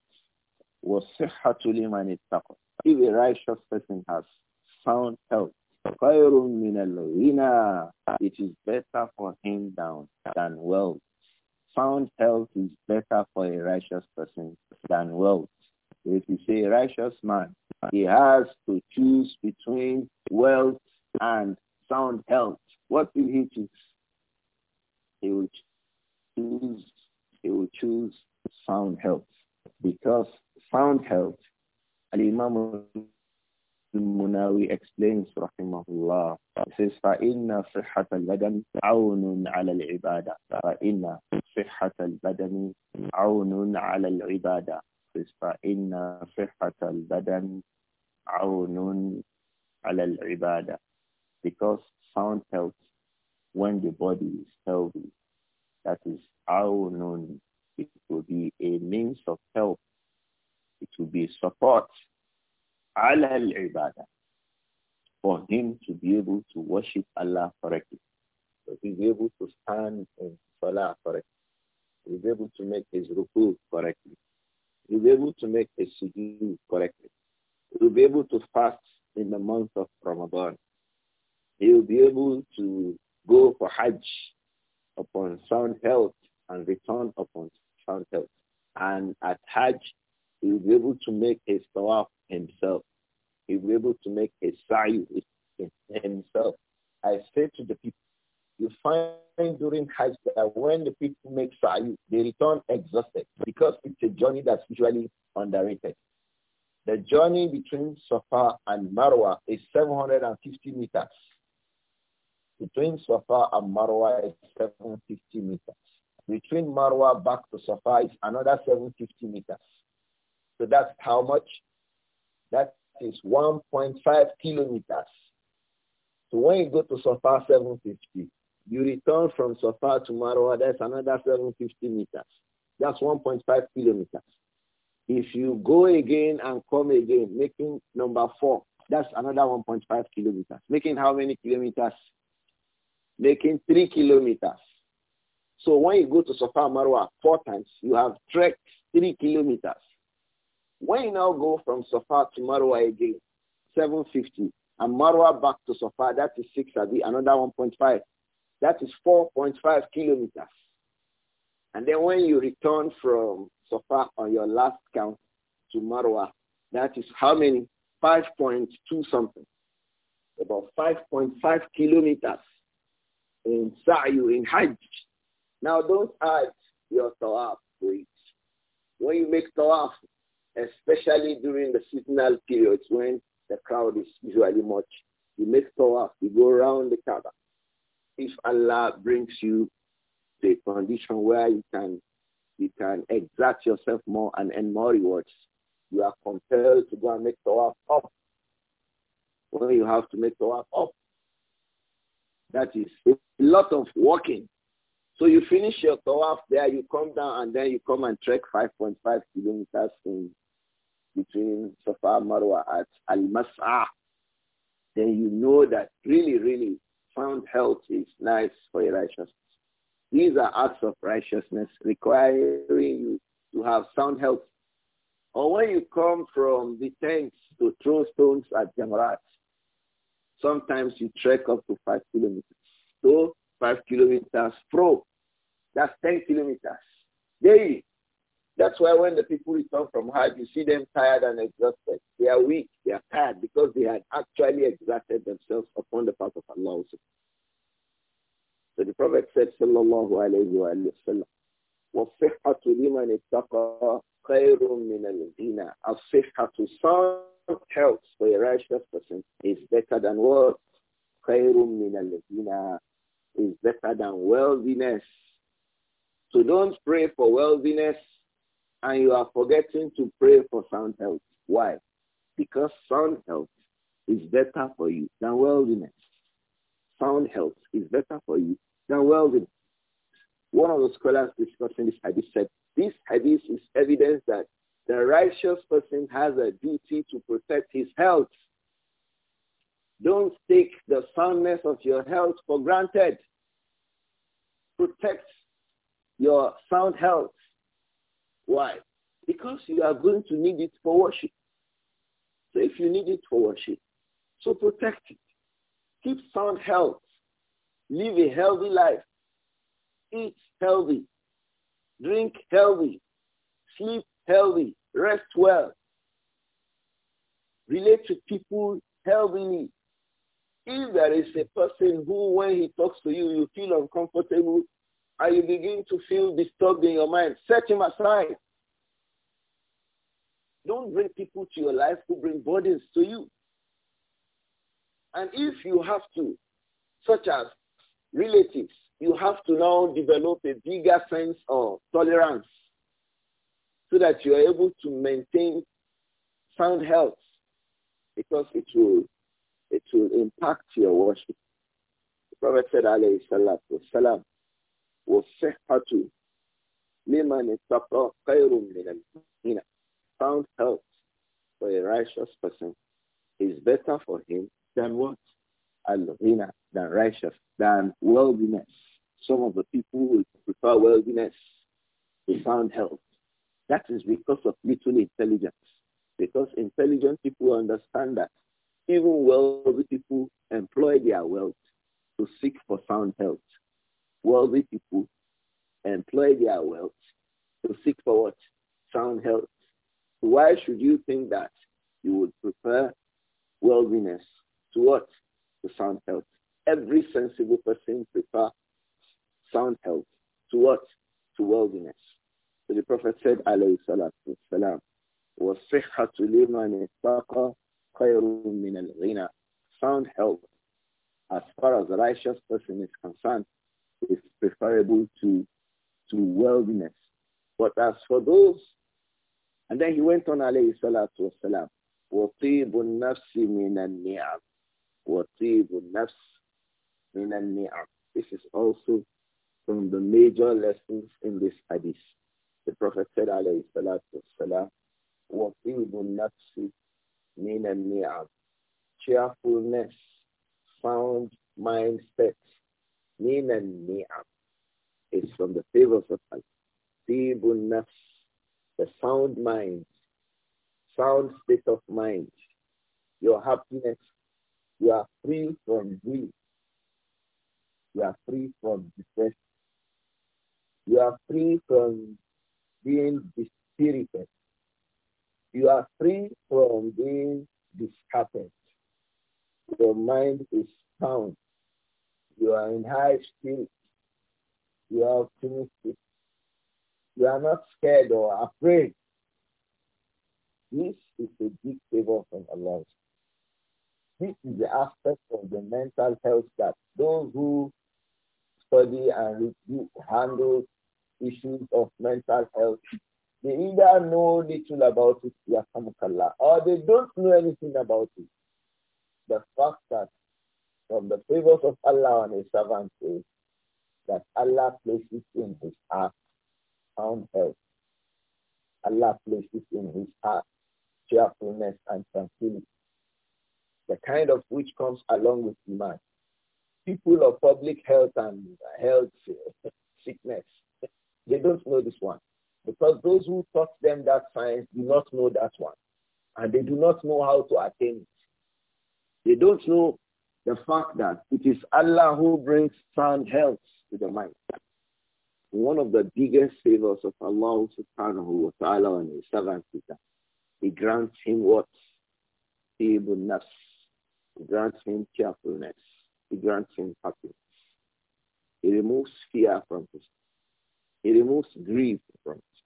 والصحة لمن اتقى if a righteous person has sound health It is better for him down than wealth. Sound health is better for a righteous person than wealth. If you say a righteous man, he has to choose between wealth and sound health. What will he choose? He will choose, he will choose sound health because sound health, Al-Imam المناوي اكسبلينس رحمه الله فإن صحة البدن عون على العبادة فإن صحة البدن عون على العبادة فإن صحة البدن عون على العبادة because sound helps when the body is healthy that is عون it will be a means of help it will be support على العبادة for him to be able to worship Allah correctly. So he's able to stand in Salah correctly. He's able to make his ruku correctly. He's able to make his sujud correctly. He'll be able to fast in the month of Ramadan. He'll be able to go for Hajj upon sound health and return upon sound health. And at Hajj, he'll be able to make his tawaf himself he will be able to make a sayu himself. I say to the people, you find during Hajj that when the people make sayu, they return exhausted because it's a journey that's usually underrated. The journey between Safa and Marwa is 750 meters. Between Safa and Marwa is 750 meters. Between Marwa back to Safa is another 750 meters. So that's how much? That is 1.5 kilometers. So when you go to Safar 750, you return from Safar to Marwa, that's another 750 meters. That's 1.5 kilometers. If you go again and come again, making number four, that's another 1.5 kilometers. Making how many kilometers? Making three kilometers. So when you go to Safar Marwa four times, you have trekked three kilometers. When you now go from Safa to Marwa again, 750, and Marwa back to Safa, that is 6 Abi, another 1.5. That is 4.5 kilometers. And then when you return from Safa on your last count to Marwa, that is how many? 5.2 something. About 5.5 kilometers in Sa'yu, in Hajj. Now don't add your tawaf to it. When you make tawaf, especially during the seasonal periods when the crowd is usually much. You make tawaf, you go around the Kaaba. If Allah brings you the condition where you can you can exert yourself more and earn more rewards, you are compelled to go and make tawaf up. When you have to make tawaf up, that is a lot of walking. So you finish your tawaf there, you come down, and then you come and trek 5.5 kilometers in between Safa Marwa at Al-Mas'ah, then you know that really, really sound health is nice for your righteousness. These are acts of righteousness requiring you to have sound health. Or when you come from the tents to throw stones at Jamarat, sometimes you trek up to five kilometers. So five kilometers pro, that's 10 kilometers daily. That's why when the people return from Hajj, you see them tired and exhausted. They are weak. They are tired because they had actually exerted themselves upon the path of Allah. So the Prophet said, Sallallahu alaihi wa sallam, وَالصِّحَّةُ لِمَنِ اتَّقَى خَيْرٌ مِنَ الْغِنَى الصِّحَّةُ sound health for a righteous person is better than what? خَيْرٌ مِنَ الْغِنَى is better than wealthiness. So don't pray for wealthiness and you are forgetting to pray for sound health. Why? Because sound health is better for you than worldliness. Sound health is better for you than worldliness. One of the scholars discussing this hadith said, this hadith is evidence that the righteous person has a duty to protect his health. Don't take the soundness of your health for granted. Protect your sound health why? Because you are going to need it for worship. So if you need it for worship, so protect it. Keep sound health. Live a healthy life. Eat healthy. Drink healthy. Sleep healthy. Rest well. Relate to people healthily. If there is a person who, when he talks to you, you feel uncomfortable, and you begin to feel disturbed in your mind, set him aside. Don't bring people to your life who bring burdens to you. And if you have to, such as relatives, you have to now develop a bigger sense of tolerance so that you are able to maintain sound health because it will, it will impact your worship. The Prophet said, alayhi salatu wasalam, والصحة لمن اتقى خير من الزنا Found health for a righteous person is better for him than what? al than righteous, than worldliness. Some of the people will prefer worldliness to sound health. That is because of little intelligence. Because intelligent people understand that even wealthy people employ their wealth to seek for sound health. Wealthy people employ their wealth to seek for what? Sound health. why should you think that you would prefer worldliness to what? To sound health. Every sensible person prefers sound health to what? To worldliness. So the Prophet said, alayhi salatu wasalam, وَالصِّحَّةُ لِمَنِ اتَّقَى خَيْرٌ al الْغِنَى Sound health, as far as the righteous person is concerned, is preferable to, to worldliness. But as for those, and then he went on, alayhi salatu wasalam, وَطِيبُ النَّفْسِ مِنَ النِّعَمِ وَطِيبُ النَّفْسِ مِنَ النِّعَمِ This is also from the major lessons in this hadith. The Prophet said, alayhi salatu wasalam, وَطِيبُ النَّفْسِ مِنَ النِّعَمِ Cheerfulness, sound mindset, min niam is from the favors of Allah. Tibun nafs, the sound mind, sound state of mind, your happiness. You are free from grief. You are free from depression. You are free from being dispirited. You are free from being disheartened. Your mind is sound. You are in high spirits. You are optimistic. You are not scared or afraid. This is a big favor from Allah. This is the aspect of the mental health that those who study and handle issues of mental health, they either know little about it, or they don't know anything about it. The fact that from the favors of Allah on his servants is that Allah places in his heart sound health. Allah places in his heart cheerfulness and tranquility, the kind of which comes along with iman. People of public health and health [laughs] sickness, they don't know this one because those who taught them that science do not know that one and they do not know how to attain it. They don't know the fact that it is Allah who brings sound health to the mind. One of the biggest favors of Allah subhanahu wa ta'ala and his servant is that he grants him what? Ibn nafs. He grants him cheerfulness. He grants him happiness. He removes fear from his. He removes grief from his.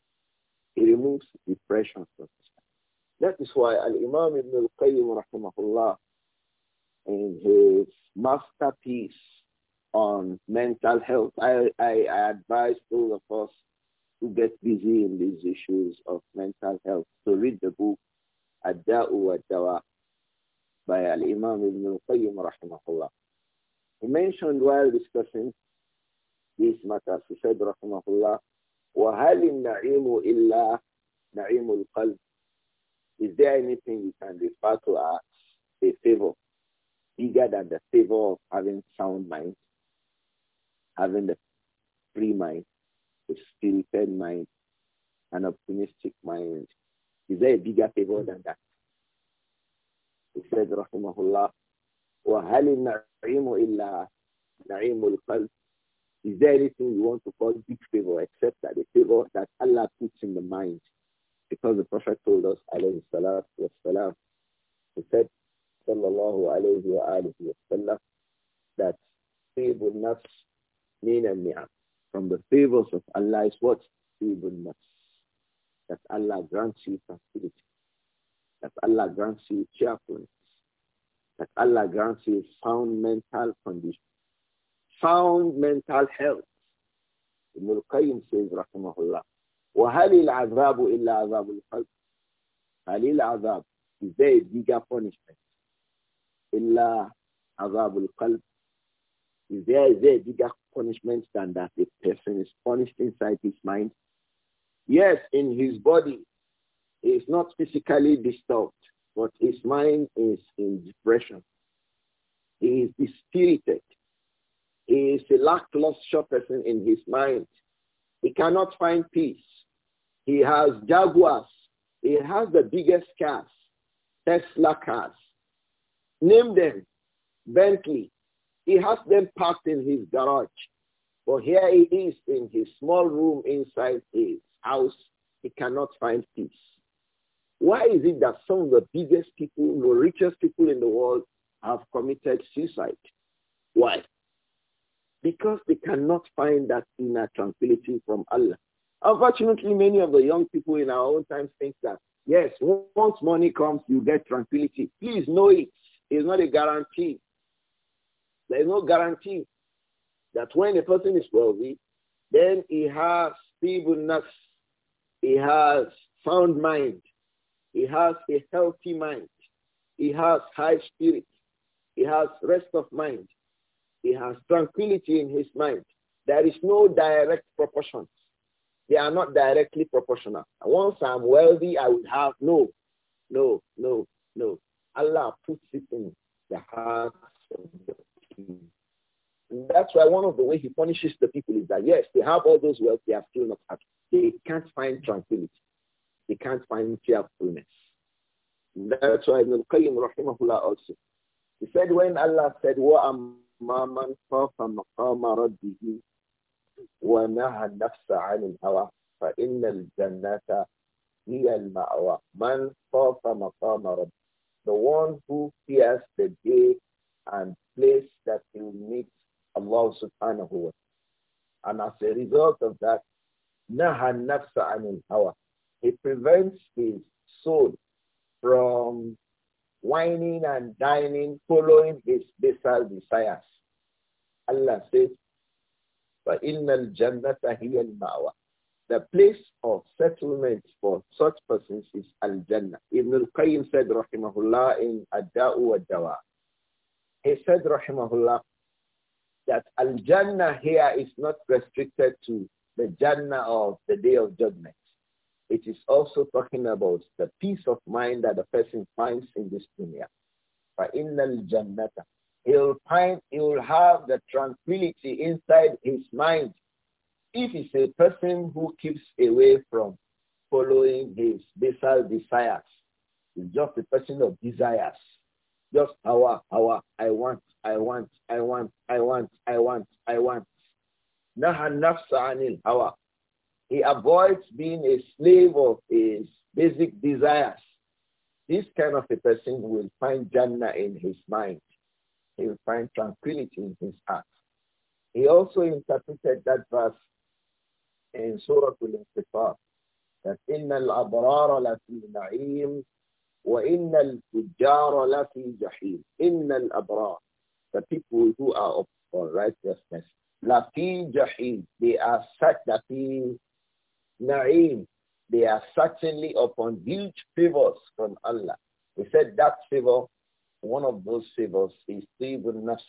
He removes depression from his. That is why Al-Imam Ibn al-Qayyim rahimahullah in his masterpiece on mental health. I, I, I advise all of us to get busy in these issues of mental health. So read the book Ad-Da'u dawa by Al-Imam Ibn Qayyim rahimahullah. He mentioned while discussing these matters, he said rahimahullah, وَهَلِ النَّعِيمُ إِلَّا نَعِيمُ الْقَلْبِ Is there anything you can refer to as a favor? bigger than the favor of having sound mind, having the free mind, a spirited mind, an optimistic mind. Is there a bigger favor than that? He said, Rahimahullah, وَهَلِ النَّعِيمُ إِلَّا نَعِيمُ الْقَلْبِ Is there anything you want to call big favor except that the favor that Allah puts in the mind? Because the Prophet told us, alayhi salatu wasalam, he said, sallallahu alayhi wa alihi wasallam that Tibul Nafs Ni'am. From the favors of Allah is what? Tibul Nafs. That Allah grants you facility. That Allah grants you cheerfulness. That Allah grants you sound mental condition. Sound mental health. Ibn al-Qayyim says, Rahimahullah, وَهَلِ الْعَذَابُ إِلَّا عَذَابُ الْقَلْبِ هَلِ الْعَذَابُ Is there a bigger punishment illa azabul qalb. Is there, is there a bigger punishment than that a person is punished inside his mind? Yes, in his body, he is not physically disturbed, but his mind is in depression. He is dispirited. He is a lackluster person in his mind. He cannot find peace. He has jaguars. He has the biggest cars, Tesla cars. Name them. Bentley. He has them parked in his garage. But here he is in his small room inside his house. He cannot find peace. Why is it that some of the biggest people, the richest people in the world have committed suicide? Why? Because they cannot find that inner tranquility from Allah. Unfortunately, many of the young people in our own times think that, yes, once money comes, you get tranquility. Please know it is not a guarantee. There is no guarantee that when a person is wealthy, then he has feebleness, he has sound mind, he has a healthy mind, he has high spirit, he has rest of mind, he has tranquility in his mind. There is no direct proportion. They are not directly proportional. Once I'm wealthy, I will have no, no, no, no. Allah puts it in the hearts of the people. And that's why one of the ways he punishes the people is that, yes, they have all those wealth, they are still not happy. They can't find tranquility. They can't find cheerfulness. That's why Ibn al-Qayyim rahimahullah also, he said when Allah said, وَأَمَّا مَنْ خَافَ مَقَامَ رَبِّهِ ونهى النفس عن الهوى فإن الجنة هي المأوى من خاف مقام ربه the one who fears the day and place that he will meet Allah subhanahu wa ta'ala. And as a result of that, naha nafsa anil hawa. He prevents his soul from whining and dining, following his basal desires. Allah says, فَإِنَّ الْجَنَّةَ هِيَ الْمَأْوَى the place of settlement for such persons is Al-Jannah. Ibn al-Qayyim said, rahimahullah, in ad wa dawa He said, rahimahullah, that Al-Jannah here is not restricted to the Jannah of the Day of Judgment. It is also talking about the peace of mind that the person finds in this dunya. فَإِنَّ الْجَنَّةَ He'll find, he will have the tranquility inside his mind if it's a person who keeps away from following his basal desires, it's just a person of desires. Just power, power, I want, I want, I want, I want, I want, I want. Naha nafsa anil hawa. He avoids being a slave of his basic desires. This kind of a person will find Jannah in his mind. He will find tranquility in his heart. He also interpreted that verse in Surah Al-Inqifar that إِنَّ الْأَبْرَارَ لَفِي نَعِيمٍ وَإِنَّ الْفُجَّارَ لَفِي جَحِيمٍ إِنَّ الْأَبْرَارَ The people who are upon righteousness لَفِي جَحِيمٍ They are such لَفِي نَعِيمٍ They are certainly upon huge favors from Allah. He said that favor, one of those favors is طيب النفس.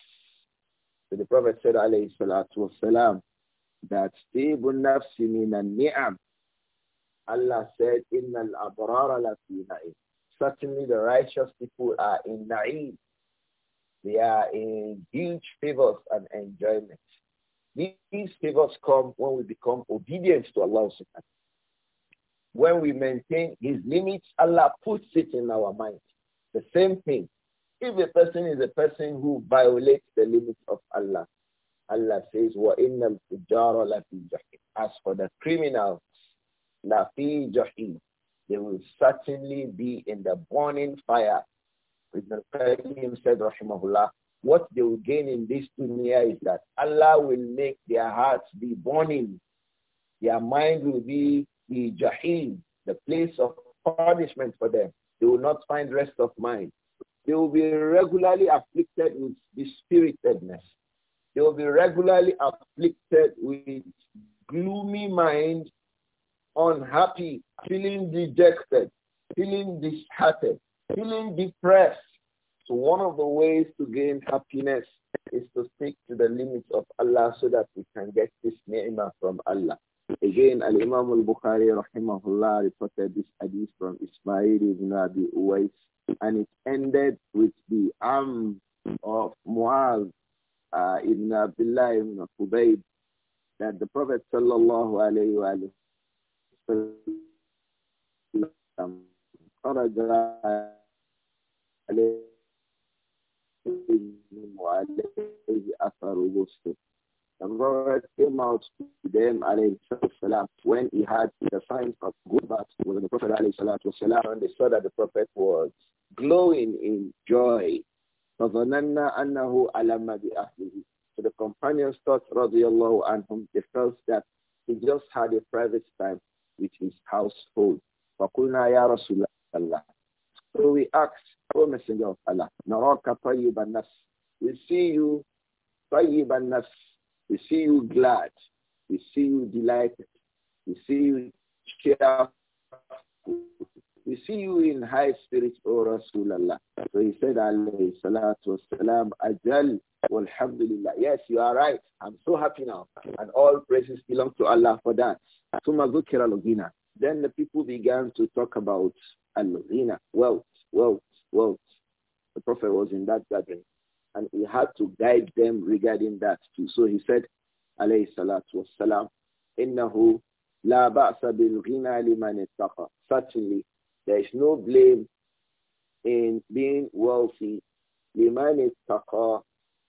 So the Prophet said, alayhi salatu wasalam, that Tibun nafsi minan ni'am. Allah said, Innal abrara lafi na'im. Certainly the righteous people are in na'im. They are in huge favors and enjoyment. These favors come when we become obedient to Allah subhanahu When we maintain his limits, Allah puts it in our mind. The same thing. If a person is a person who violates the limits of Allah, Allah says, وَإِنَّ الْفُجَّارَ As for the criminals, They will certainly be in the burning fire. said, what they will gain in this dunya is that Allah will make their hearts be burning. Their mind will be the jahim, the place of punishment for them. They will not find rest of mind. They will be regularly afflicted with dispiritedness. They will be regularly afflicted with gloomy mind, unhappy, feeling dejected, feeling disheartened, feeling depressed. So one of the ways to gain happiness is to stick to the limits of Allah so that we can get this ni'mah from Allah. Again, Al-Imam al-Bukhari rahimahullah reported this hadith from Ismail ibn Abi Uwais and it ended with the arm of Muaz uh, Ibn Abdullah ibn Qubayb that the Prophet sallallahu alayhi wa sallam the Prophet came out to them والسلام, when he had the signs of good birth with the Prophet والسلام, and they saw that the Prophet was glowing in joy فَظَنَنَّا أَنَّهُ أَلَمَّ بِأَهْلِهِ So the companions thought, radiallahu anhum, they felt that he just had a private time with his household. فَقُلْنَا يَا رَسُولَ اللَّهِ So we asked, O Messenger of Allah, نَرَاكَ طَيِّبَ النَّفْسِ We see you طَيِّبَ النَّفْسِ We see you glad. We see you delighted. We see you cheerful. We see you in high spirits, O Rasulallah. So he said, alayhi salatu wasalam, ajal walhamdulillah. Yes, you are right. I'm so happy now. And all praises belong to Allah for that. Then the people began to talk about al-lugina, wealth, wealth, wealth. The Prophet was in that gathering and he had to guide them regarding that too. So he said, alayhi salatu wasalam, innahu la ba'sa bil ghina liman ittaqa. Certainly, there is no blame in being wealthy. The is taqa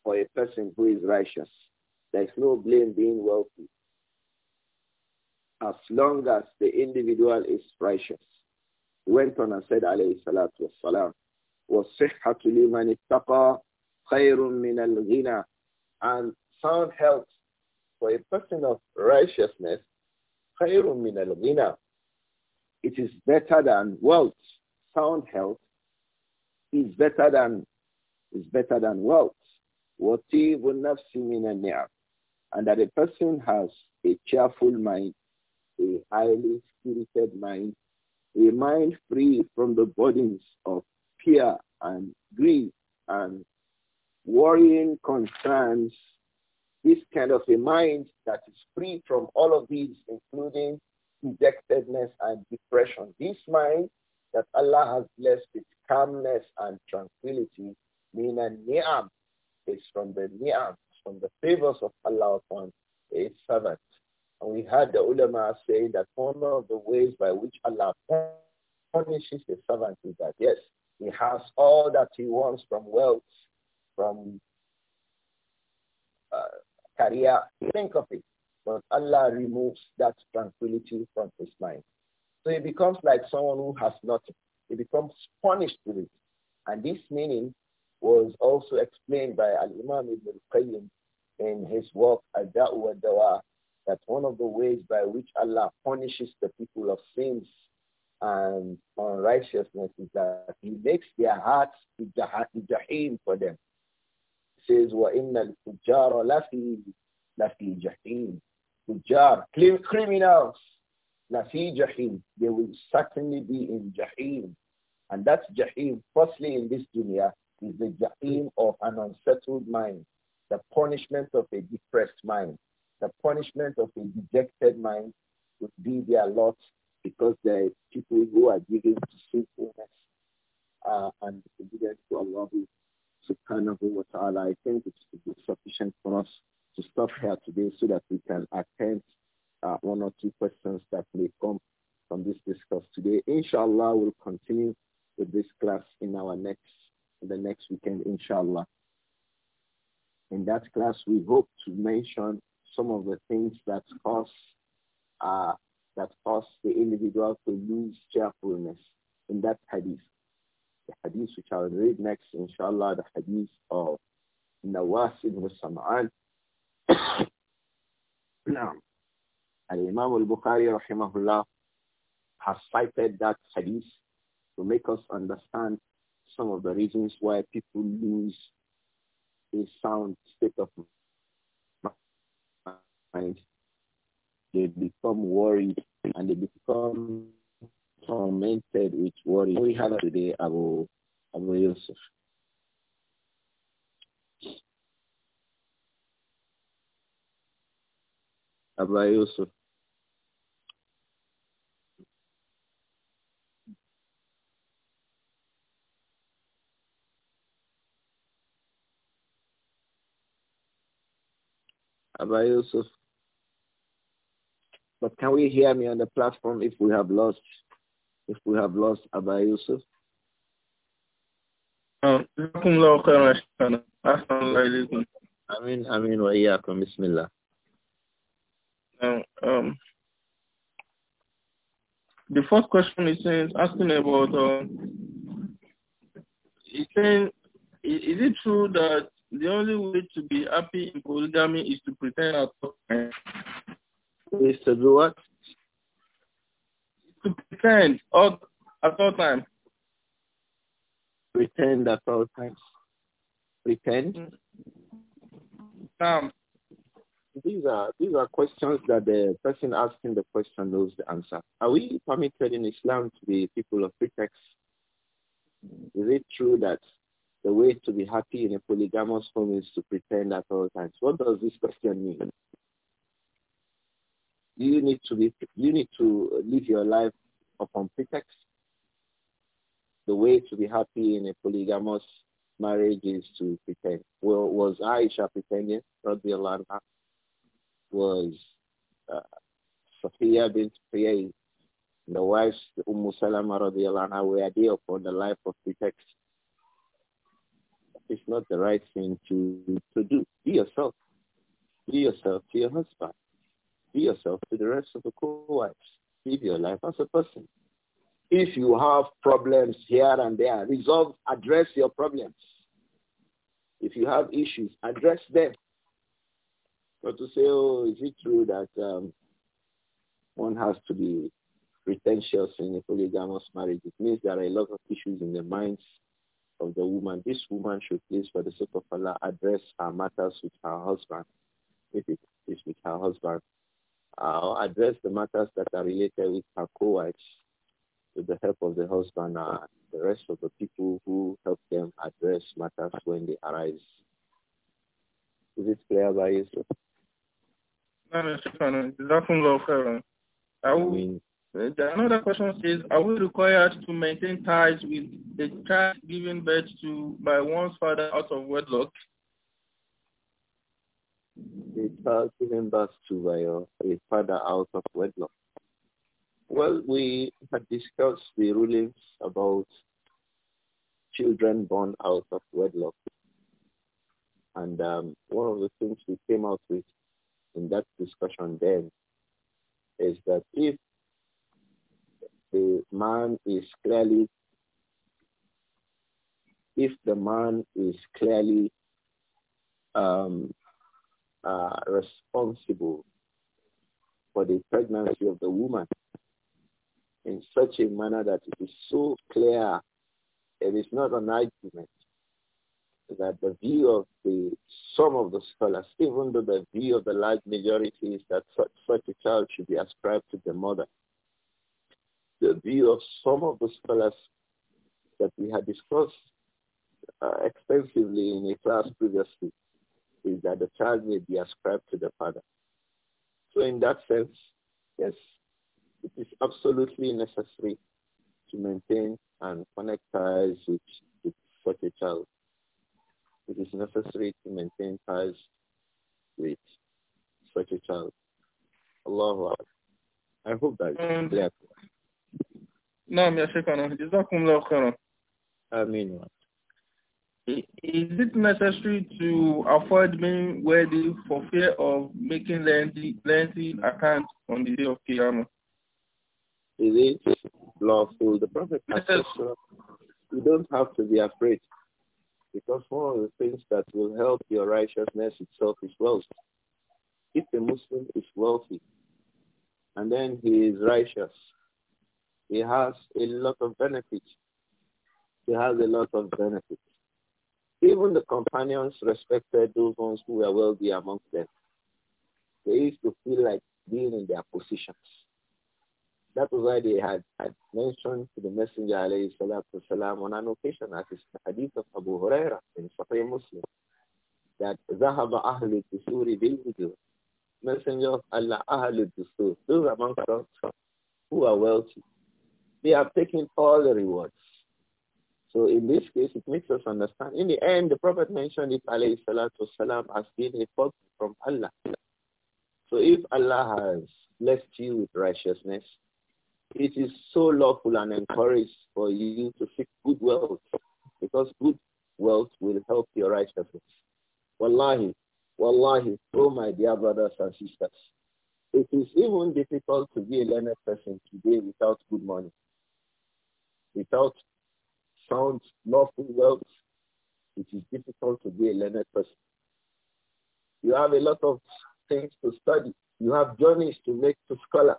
for a person who is righteous. There is no blame being wealthy as long as the individual is righteous. He went on and said, alayhi salatu wassalam, وَالصِّحَّةُ لِمَنِ اتَّقَى خَيْرٌ مِنَ الْغِنَى And sound health for a person of righteousness, خَيْرٌ مِنَ الْغِنَى it is better than wealth. Sound health is better than is better than wealth. And that a person has a cheerful mind, a highly spirited mind, a mind free from the burdens of fear and grief and worrying concerns, this kind of a mind that is free from all of these, including dejectedness and depression. This mind that Allah has blessed with calmness and tranquility, meaning ni'am, is from the ni'am, from the favors of Allah upon his servant. And we had the ulama saying that one of the ways by which Allah punishes the servant is that, yes, he has all that he wants from wealth, from uh, career. Think of it. But Allah removes that tranquility from his mind. So he becomes like someone who has nothing. He becomes punished with it. And this meaning was also explained by Al-Imam Ibn qayyim in his work Al dau wa Dawa that one of the ways by which Allah punishes the people of sins and unrighteousness is that he makes their hearts jahim for them. He says, وَإِنَّ الْفُجَّارَ لَفِي لَفِي جَحِيمٍ Fujar, criminals, Lafi Jahim, they will certainly be in Jahim. And that's Jahim, firstly in this dunya, is the Jahim of an unsettled mind, the punishment of a depressed mind, the punishment of a dejected mind would be their lot because the people who are given to sinfulness uh, and obedience to Allah subhanahu wa ta'ala, I think it is sufficient for us to stop here today so that we can attend uh, one or two questions that may come from this discuss today. Inshallah, we'll continue with this class in our next, the next weekend, inshallah. In that class, we hope to mention some of the things that cause, uh, that cause the individual to lose cheerfulness in that hadith. The hadith which I will read next, inshallah, the hadith of Nawas ibn Sam'an, now, Imam al-Bukhari rahimahullah has cited that hadith to make us understand some of the reasons why people lose a sound state of mind. They become worried and they become tormented with worry. We have today Abu, Abu Yusuf. Abba Yusuf. Abba Yusuf. But can we hear me on the platform if we have lost if we have lost Abba Yusuf? Um, I mean, I mean, وإياكم بسم الله. Now, um, the first question is asking about, um, he's saying, is it true that the only way to be happy in polygamy is to pretend at all times? Is to do what? To pretend all, at all times. Pretend at all times. Pretend? Um, these are these are questions that the person asking the question knows the answer. Are we permitted in Islam to be people of pretext? Is it true that the way to be happy in a polygamous home is to pretend at all times? What does this question mean? You need to be you need to live your life upon pretext. The way to be happy in a polygamous marriage is to pretend. Well, was Aisha pretending? Not the Allah was uh, Safiya bint Fiyay, the wife of Umm Salama radiallahu anha, were there for the life of the text. It's not the right thing to, to do. Be yourself. Be yourself to your husband. Be yourself to the rest of the co-wives. Live your life as a person. If you have problems here and there, resolve, address your problems. If you have issues, address them. But to say, oh, is it true that um, one has to be pretentious in a polygamous marriage? It means there are a lot of issues in the minds of the woman. This woman should please, for the sake of Allah, address her matters with her husband, if it is with her husband, uh, or address the matters that are related with her co-wives with the help of the husband and uh, the rest of the people who help them address matters when they arise. Is it clear by you, sir? I will, another question says, are we required to maintain ties with the child given birth to by one's father out of wedlock? The child given birth to by a father out of wedlock. Well, we had discussed the rulings about children born out of wedlock. And um, one of the things we came out with in that discussion then is that if the man is clearly, if the man is clearly um, uh, responsible for the pregnancy of the woman in such a manner that it is so clear, it is not an argument that the view of the some of the scholars, even though the view of the large majority is that such, such a child should be ascribed to the mother, the view of some of the scholars that we had discussed uh, extensively in a class previously is that the child may be ascribed to the father. So in that sense, yes, it is absolutely necessary to maintain and connect ties with, with such a child it is necessary to maintain ties with such a child. Allah I hope that um, is نعم يا شيخنا جزاكم الله خيرا آمين Is it necessary to avoid being wealthy for fear of making lengthy, lengthy account on the day of Qiyamah? Is it lawful? The Prophet said, you don't have to be afraid because one of the things that will help your righteousness itself is wealth. If a Muslim is wealthy and then he is righteous, he has a lot of benefits. He has a lot of benefits. Even the companions respected those ones who were wealthy amongst them. They used to feel like being in their positions. That was why they had, had mentioned to the Messenger والسلام, on an occasion, as his hadith of Hurairah in Sahih Muslim that Zahaba Ahlul Dusuri Bilwudu, Messenger of Allah Ahlul Dusur, those amongst us who are wealthy, they are taking all the rewards. So in this case, it makes us understand. In the end, the Prophet mentioned it, alayhi salatu been as being a fault from Allah. So if Allah has blessed you with righteousness, it is so lawful and encouraged for you to seek good wealth because good wealth will help your righteousness. Wallahi, wallahi, oh my dear brothers and sisters, it is even difficult to be a learned person today without good money, without sound, lawful wealth. It is difficult to be a learned person. You have a lot of things to study. You have journeys to make to scholars.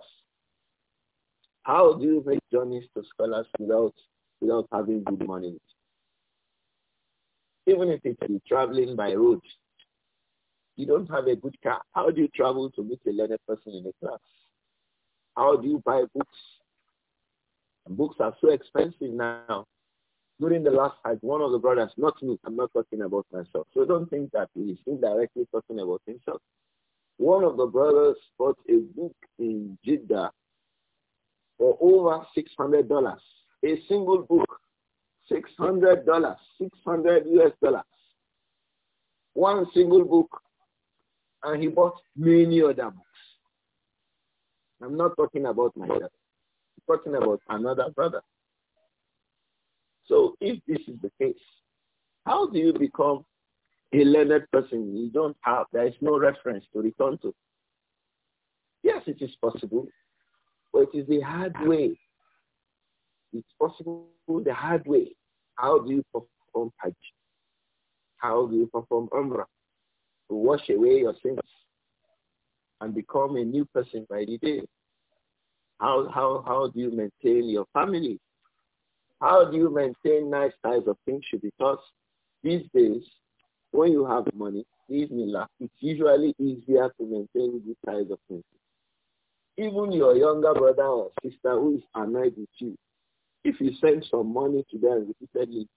How do you make journeys to scholars without without having good money? even if it is traveling by road, you don't have a good car. How do you travel to meet a learned person in a class? How do you buy books? books are so expensive now. During the last Hajj, one of the brothers, not me, I'm not talking about myself. So don't think that we are indirectly talking about himself. One of the brothers bought a book in Jeddah for over $600, a single book $600, 600 US dollars. One single book. And he bought many other books. I'm not talking about myself. I'm talking about another brother. So if this is the case, how do you become a learned person? You don't have, there is no reference to return to. Yes, it is possible, but it is the hard way. It's possible the hard way. How do you perform Hajj? How do you perform Umrah? To wash away your sins and become a new person by the day. How, how, how do you maintain your family? How do you maintain nice types of things? Because these days, when you have money, these it's usually easier to maintain these types of things. Even your younger brother or sister who is annoyed with you, if you send some money to them repeatedly,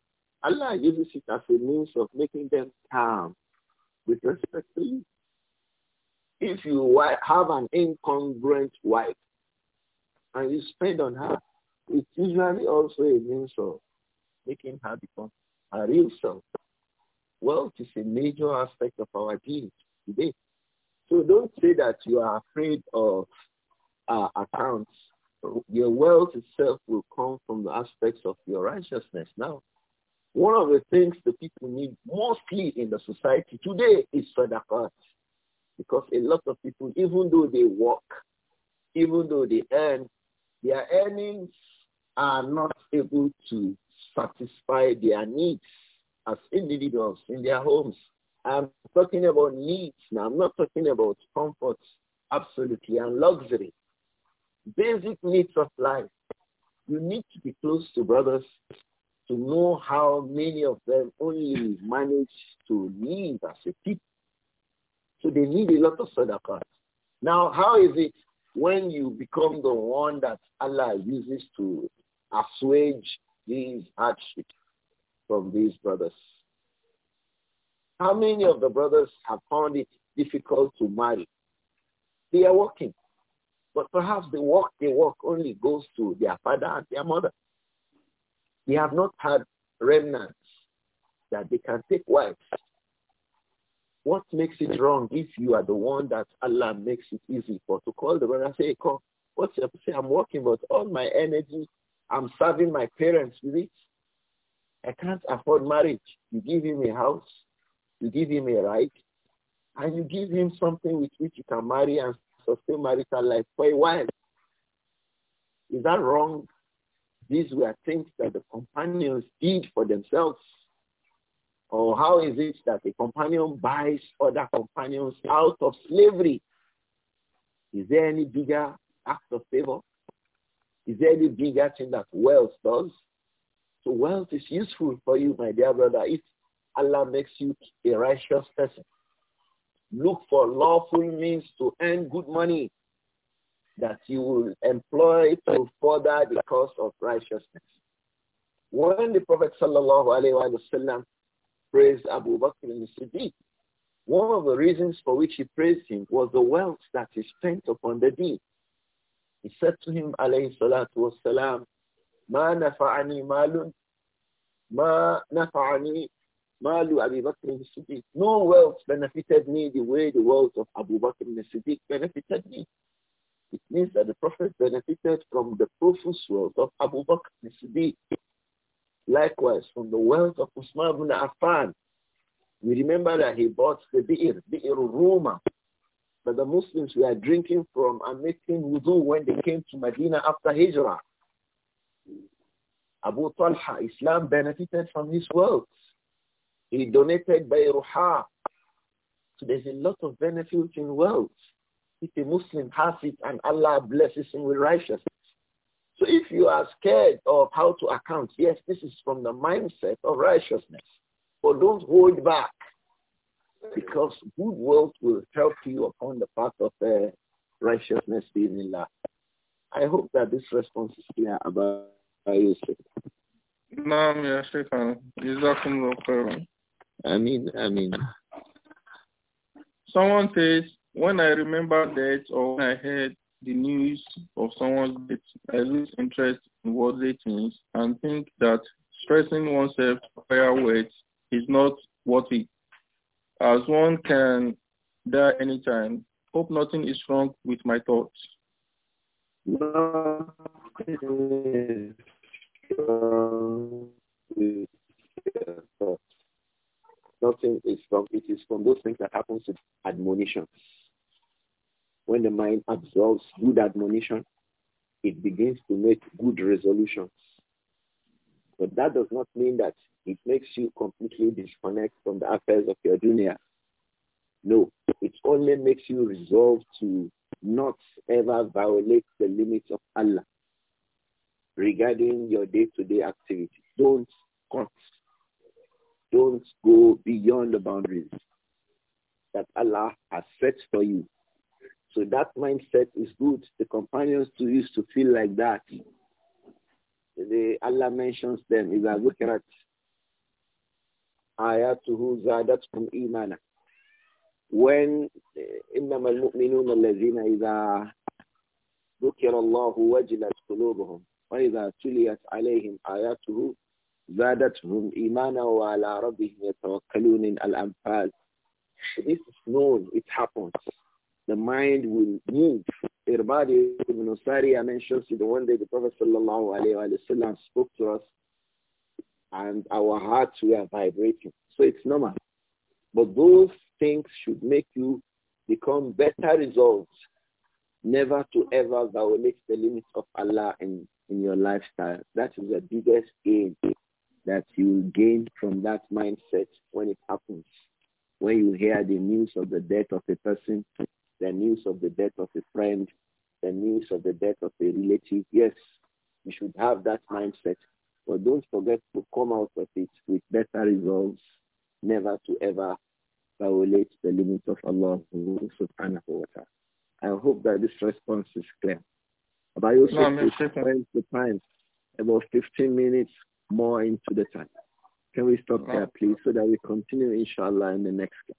Allah uses it as a means of making them calm with respect to you. If you have an incongruent wife and you spend on her, it's usually also a means of making her become a real self. Wealth is a major aspect of our deeds today. So don't say that you are afraid of uh, accounts your wealth itself will come from the aspects of your righteousness. Now, one of the things the people need mostly in the society today is sadaqat. Because a lot of people, even though they work, even though they earn, their earnings are not able to satisfy their needs as individuals in their homes. I'm talking about needs now. I'm not talking about comforts, absolutely, and luxury basic needs of life. You need to be close to brothers to know how many of them only manage to live as a people. So they need a lot of sadaqah. Now, how is it when you become the one that Allah uses to assuage these hardships from these brothers? How many of the brothers have found it difficult to marry? They are working. But perhaps the work they work only goes to their father and their mother. They have not had remnants that they can take wives. What makes it wrong if you are the one that Allah makes it easy for to call the brother say, come, what's up? Say, I'm working, but all my energy, I'm serving my parents with it. I can't afford marriage. You give him a house, you give him a right, and you give him something with which you can marry and sustain marital life for a while. Is that wrong? These were things that the companions did for themselves. Or how is it that a companion buys other companions out of slavery? Is there any bigger act of favor? Is there any bigger thing that wealth does? So wealth is useful for you, my dear brother, if Allah makes you a righteous person. Look for lawful means to earn good money that you will employ to further the cause of righteousness. When the Prophet wasallam praised Abu Bakr al-Siddiq, one of the reasons for which he praised him was the wealth that he spent upon the deen. He said to him, alayhi salatu wasalam, ma nafa'ani malun, ma nafa'ani Malu Abu Bakr al-Siddiq. No wealth benefited me the way the wealth of Abu Bakr al-Siddiq benefited me. It means that the Prophet benefited from the profuse wealth of Abu Bakr al-Siddiq. Likewise, from the wealth of Usman ibn Affan. We remember that he bought the beer, the Roma, that the Muslims were drinking from and making wudu when they came to Medina after Hijrah. Abu Talha, Islam benefited from his wealth. He donated Ruha, So there's a lot of benefit in wealth. If a Muslim has it and Allah blesses him with righteousness. So if you are scared of how to account, yes, this is from the mindset of righteousness. But don't hold back because good wealth will help you upon the path of uh, righteousness in Allah. I hope that this response is clear about Yusuf. نعم يا شيخنا جزاكم الله I mean, I mean. Someone says, when I remember that or when I heard the news of someone's death, I lose interest in worldly things and think that stressing oneself prayer words is not worth it, as one can die anytime. Hope nothing is wrong with my thoughts nothing is from, it is from those things that happens to admonition. When the mind absorbs good admonition, it begins to make good resolutions. But that does not mean that it makes you completely disconnect from the affairs of your dunya. No, it only makes you resolve to not ever violate the limits of Allah regarding your day-to-day -day activity. Don't cut don't go beyond the boundaries that Allah has set for you. So that mindset is good. The companions too used to feel like that. The, Allah mentions them. إذا ذكرت Ayatuhu زادتهم imana. When إنما المؤمنون الذين إذا ذكر الله وجلت قلوبهم وإذا تليت عليهم آياته زادتهم إيمانا وعلى ربهم يتوكلون الأنفال This is known, it happens. The mind will move. Irbadi ibn Sariya mentions it one day the Prophet sallallahu alayhi wa spoke to us and our hearts were vibrating. So it's normal. But those things should make you become better resolved never to ever violate the limits of Allah in, in your lifestyle. That is the biggest aim that you gain from that mindset when it happens. When you hear the news of the death of a person, the news of the death of a friend, the news of the death of a relative, yes, you should have that mindset. But don't forget to come out of it with better results, never to ever violate the limits of Allah subhanahu wa ta'ala. I hope that this response is clear. Abayosu no, spends the time, about 15 minutes more into the time. Can we stop there, please, so that we continue, inshallah, in the next class?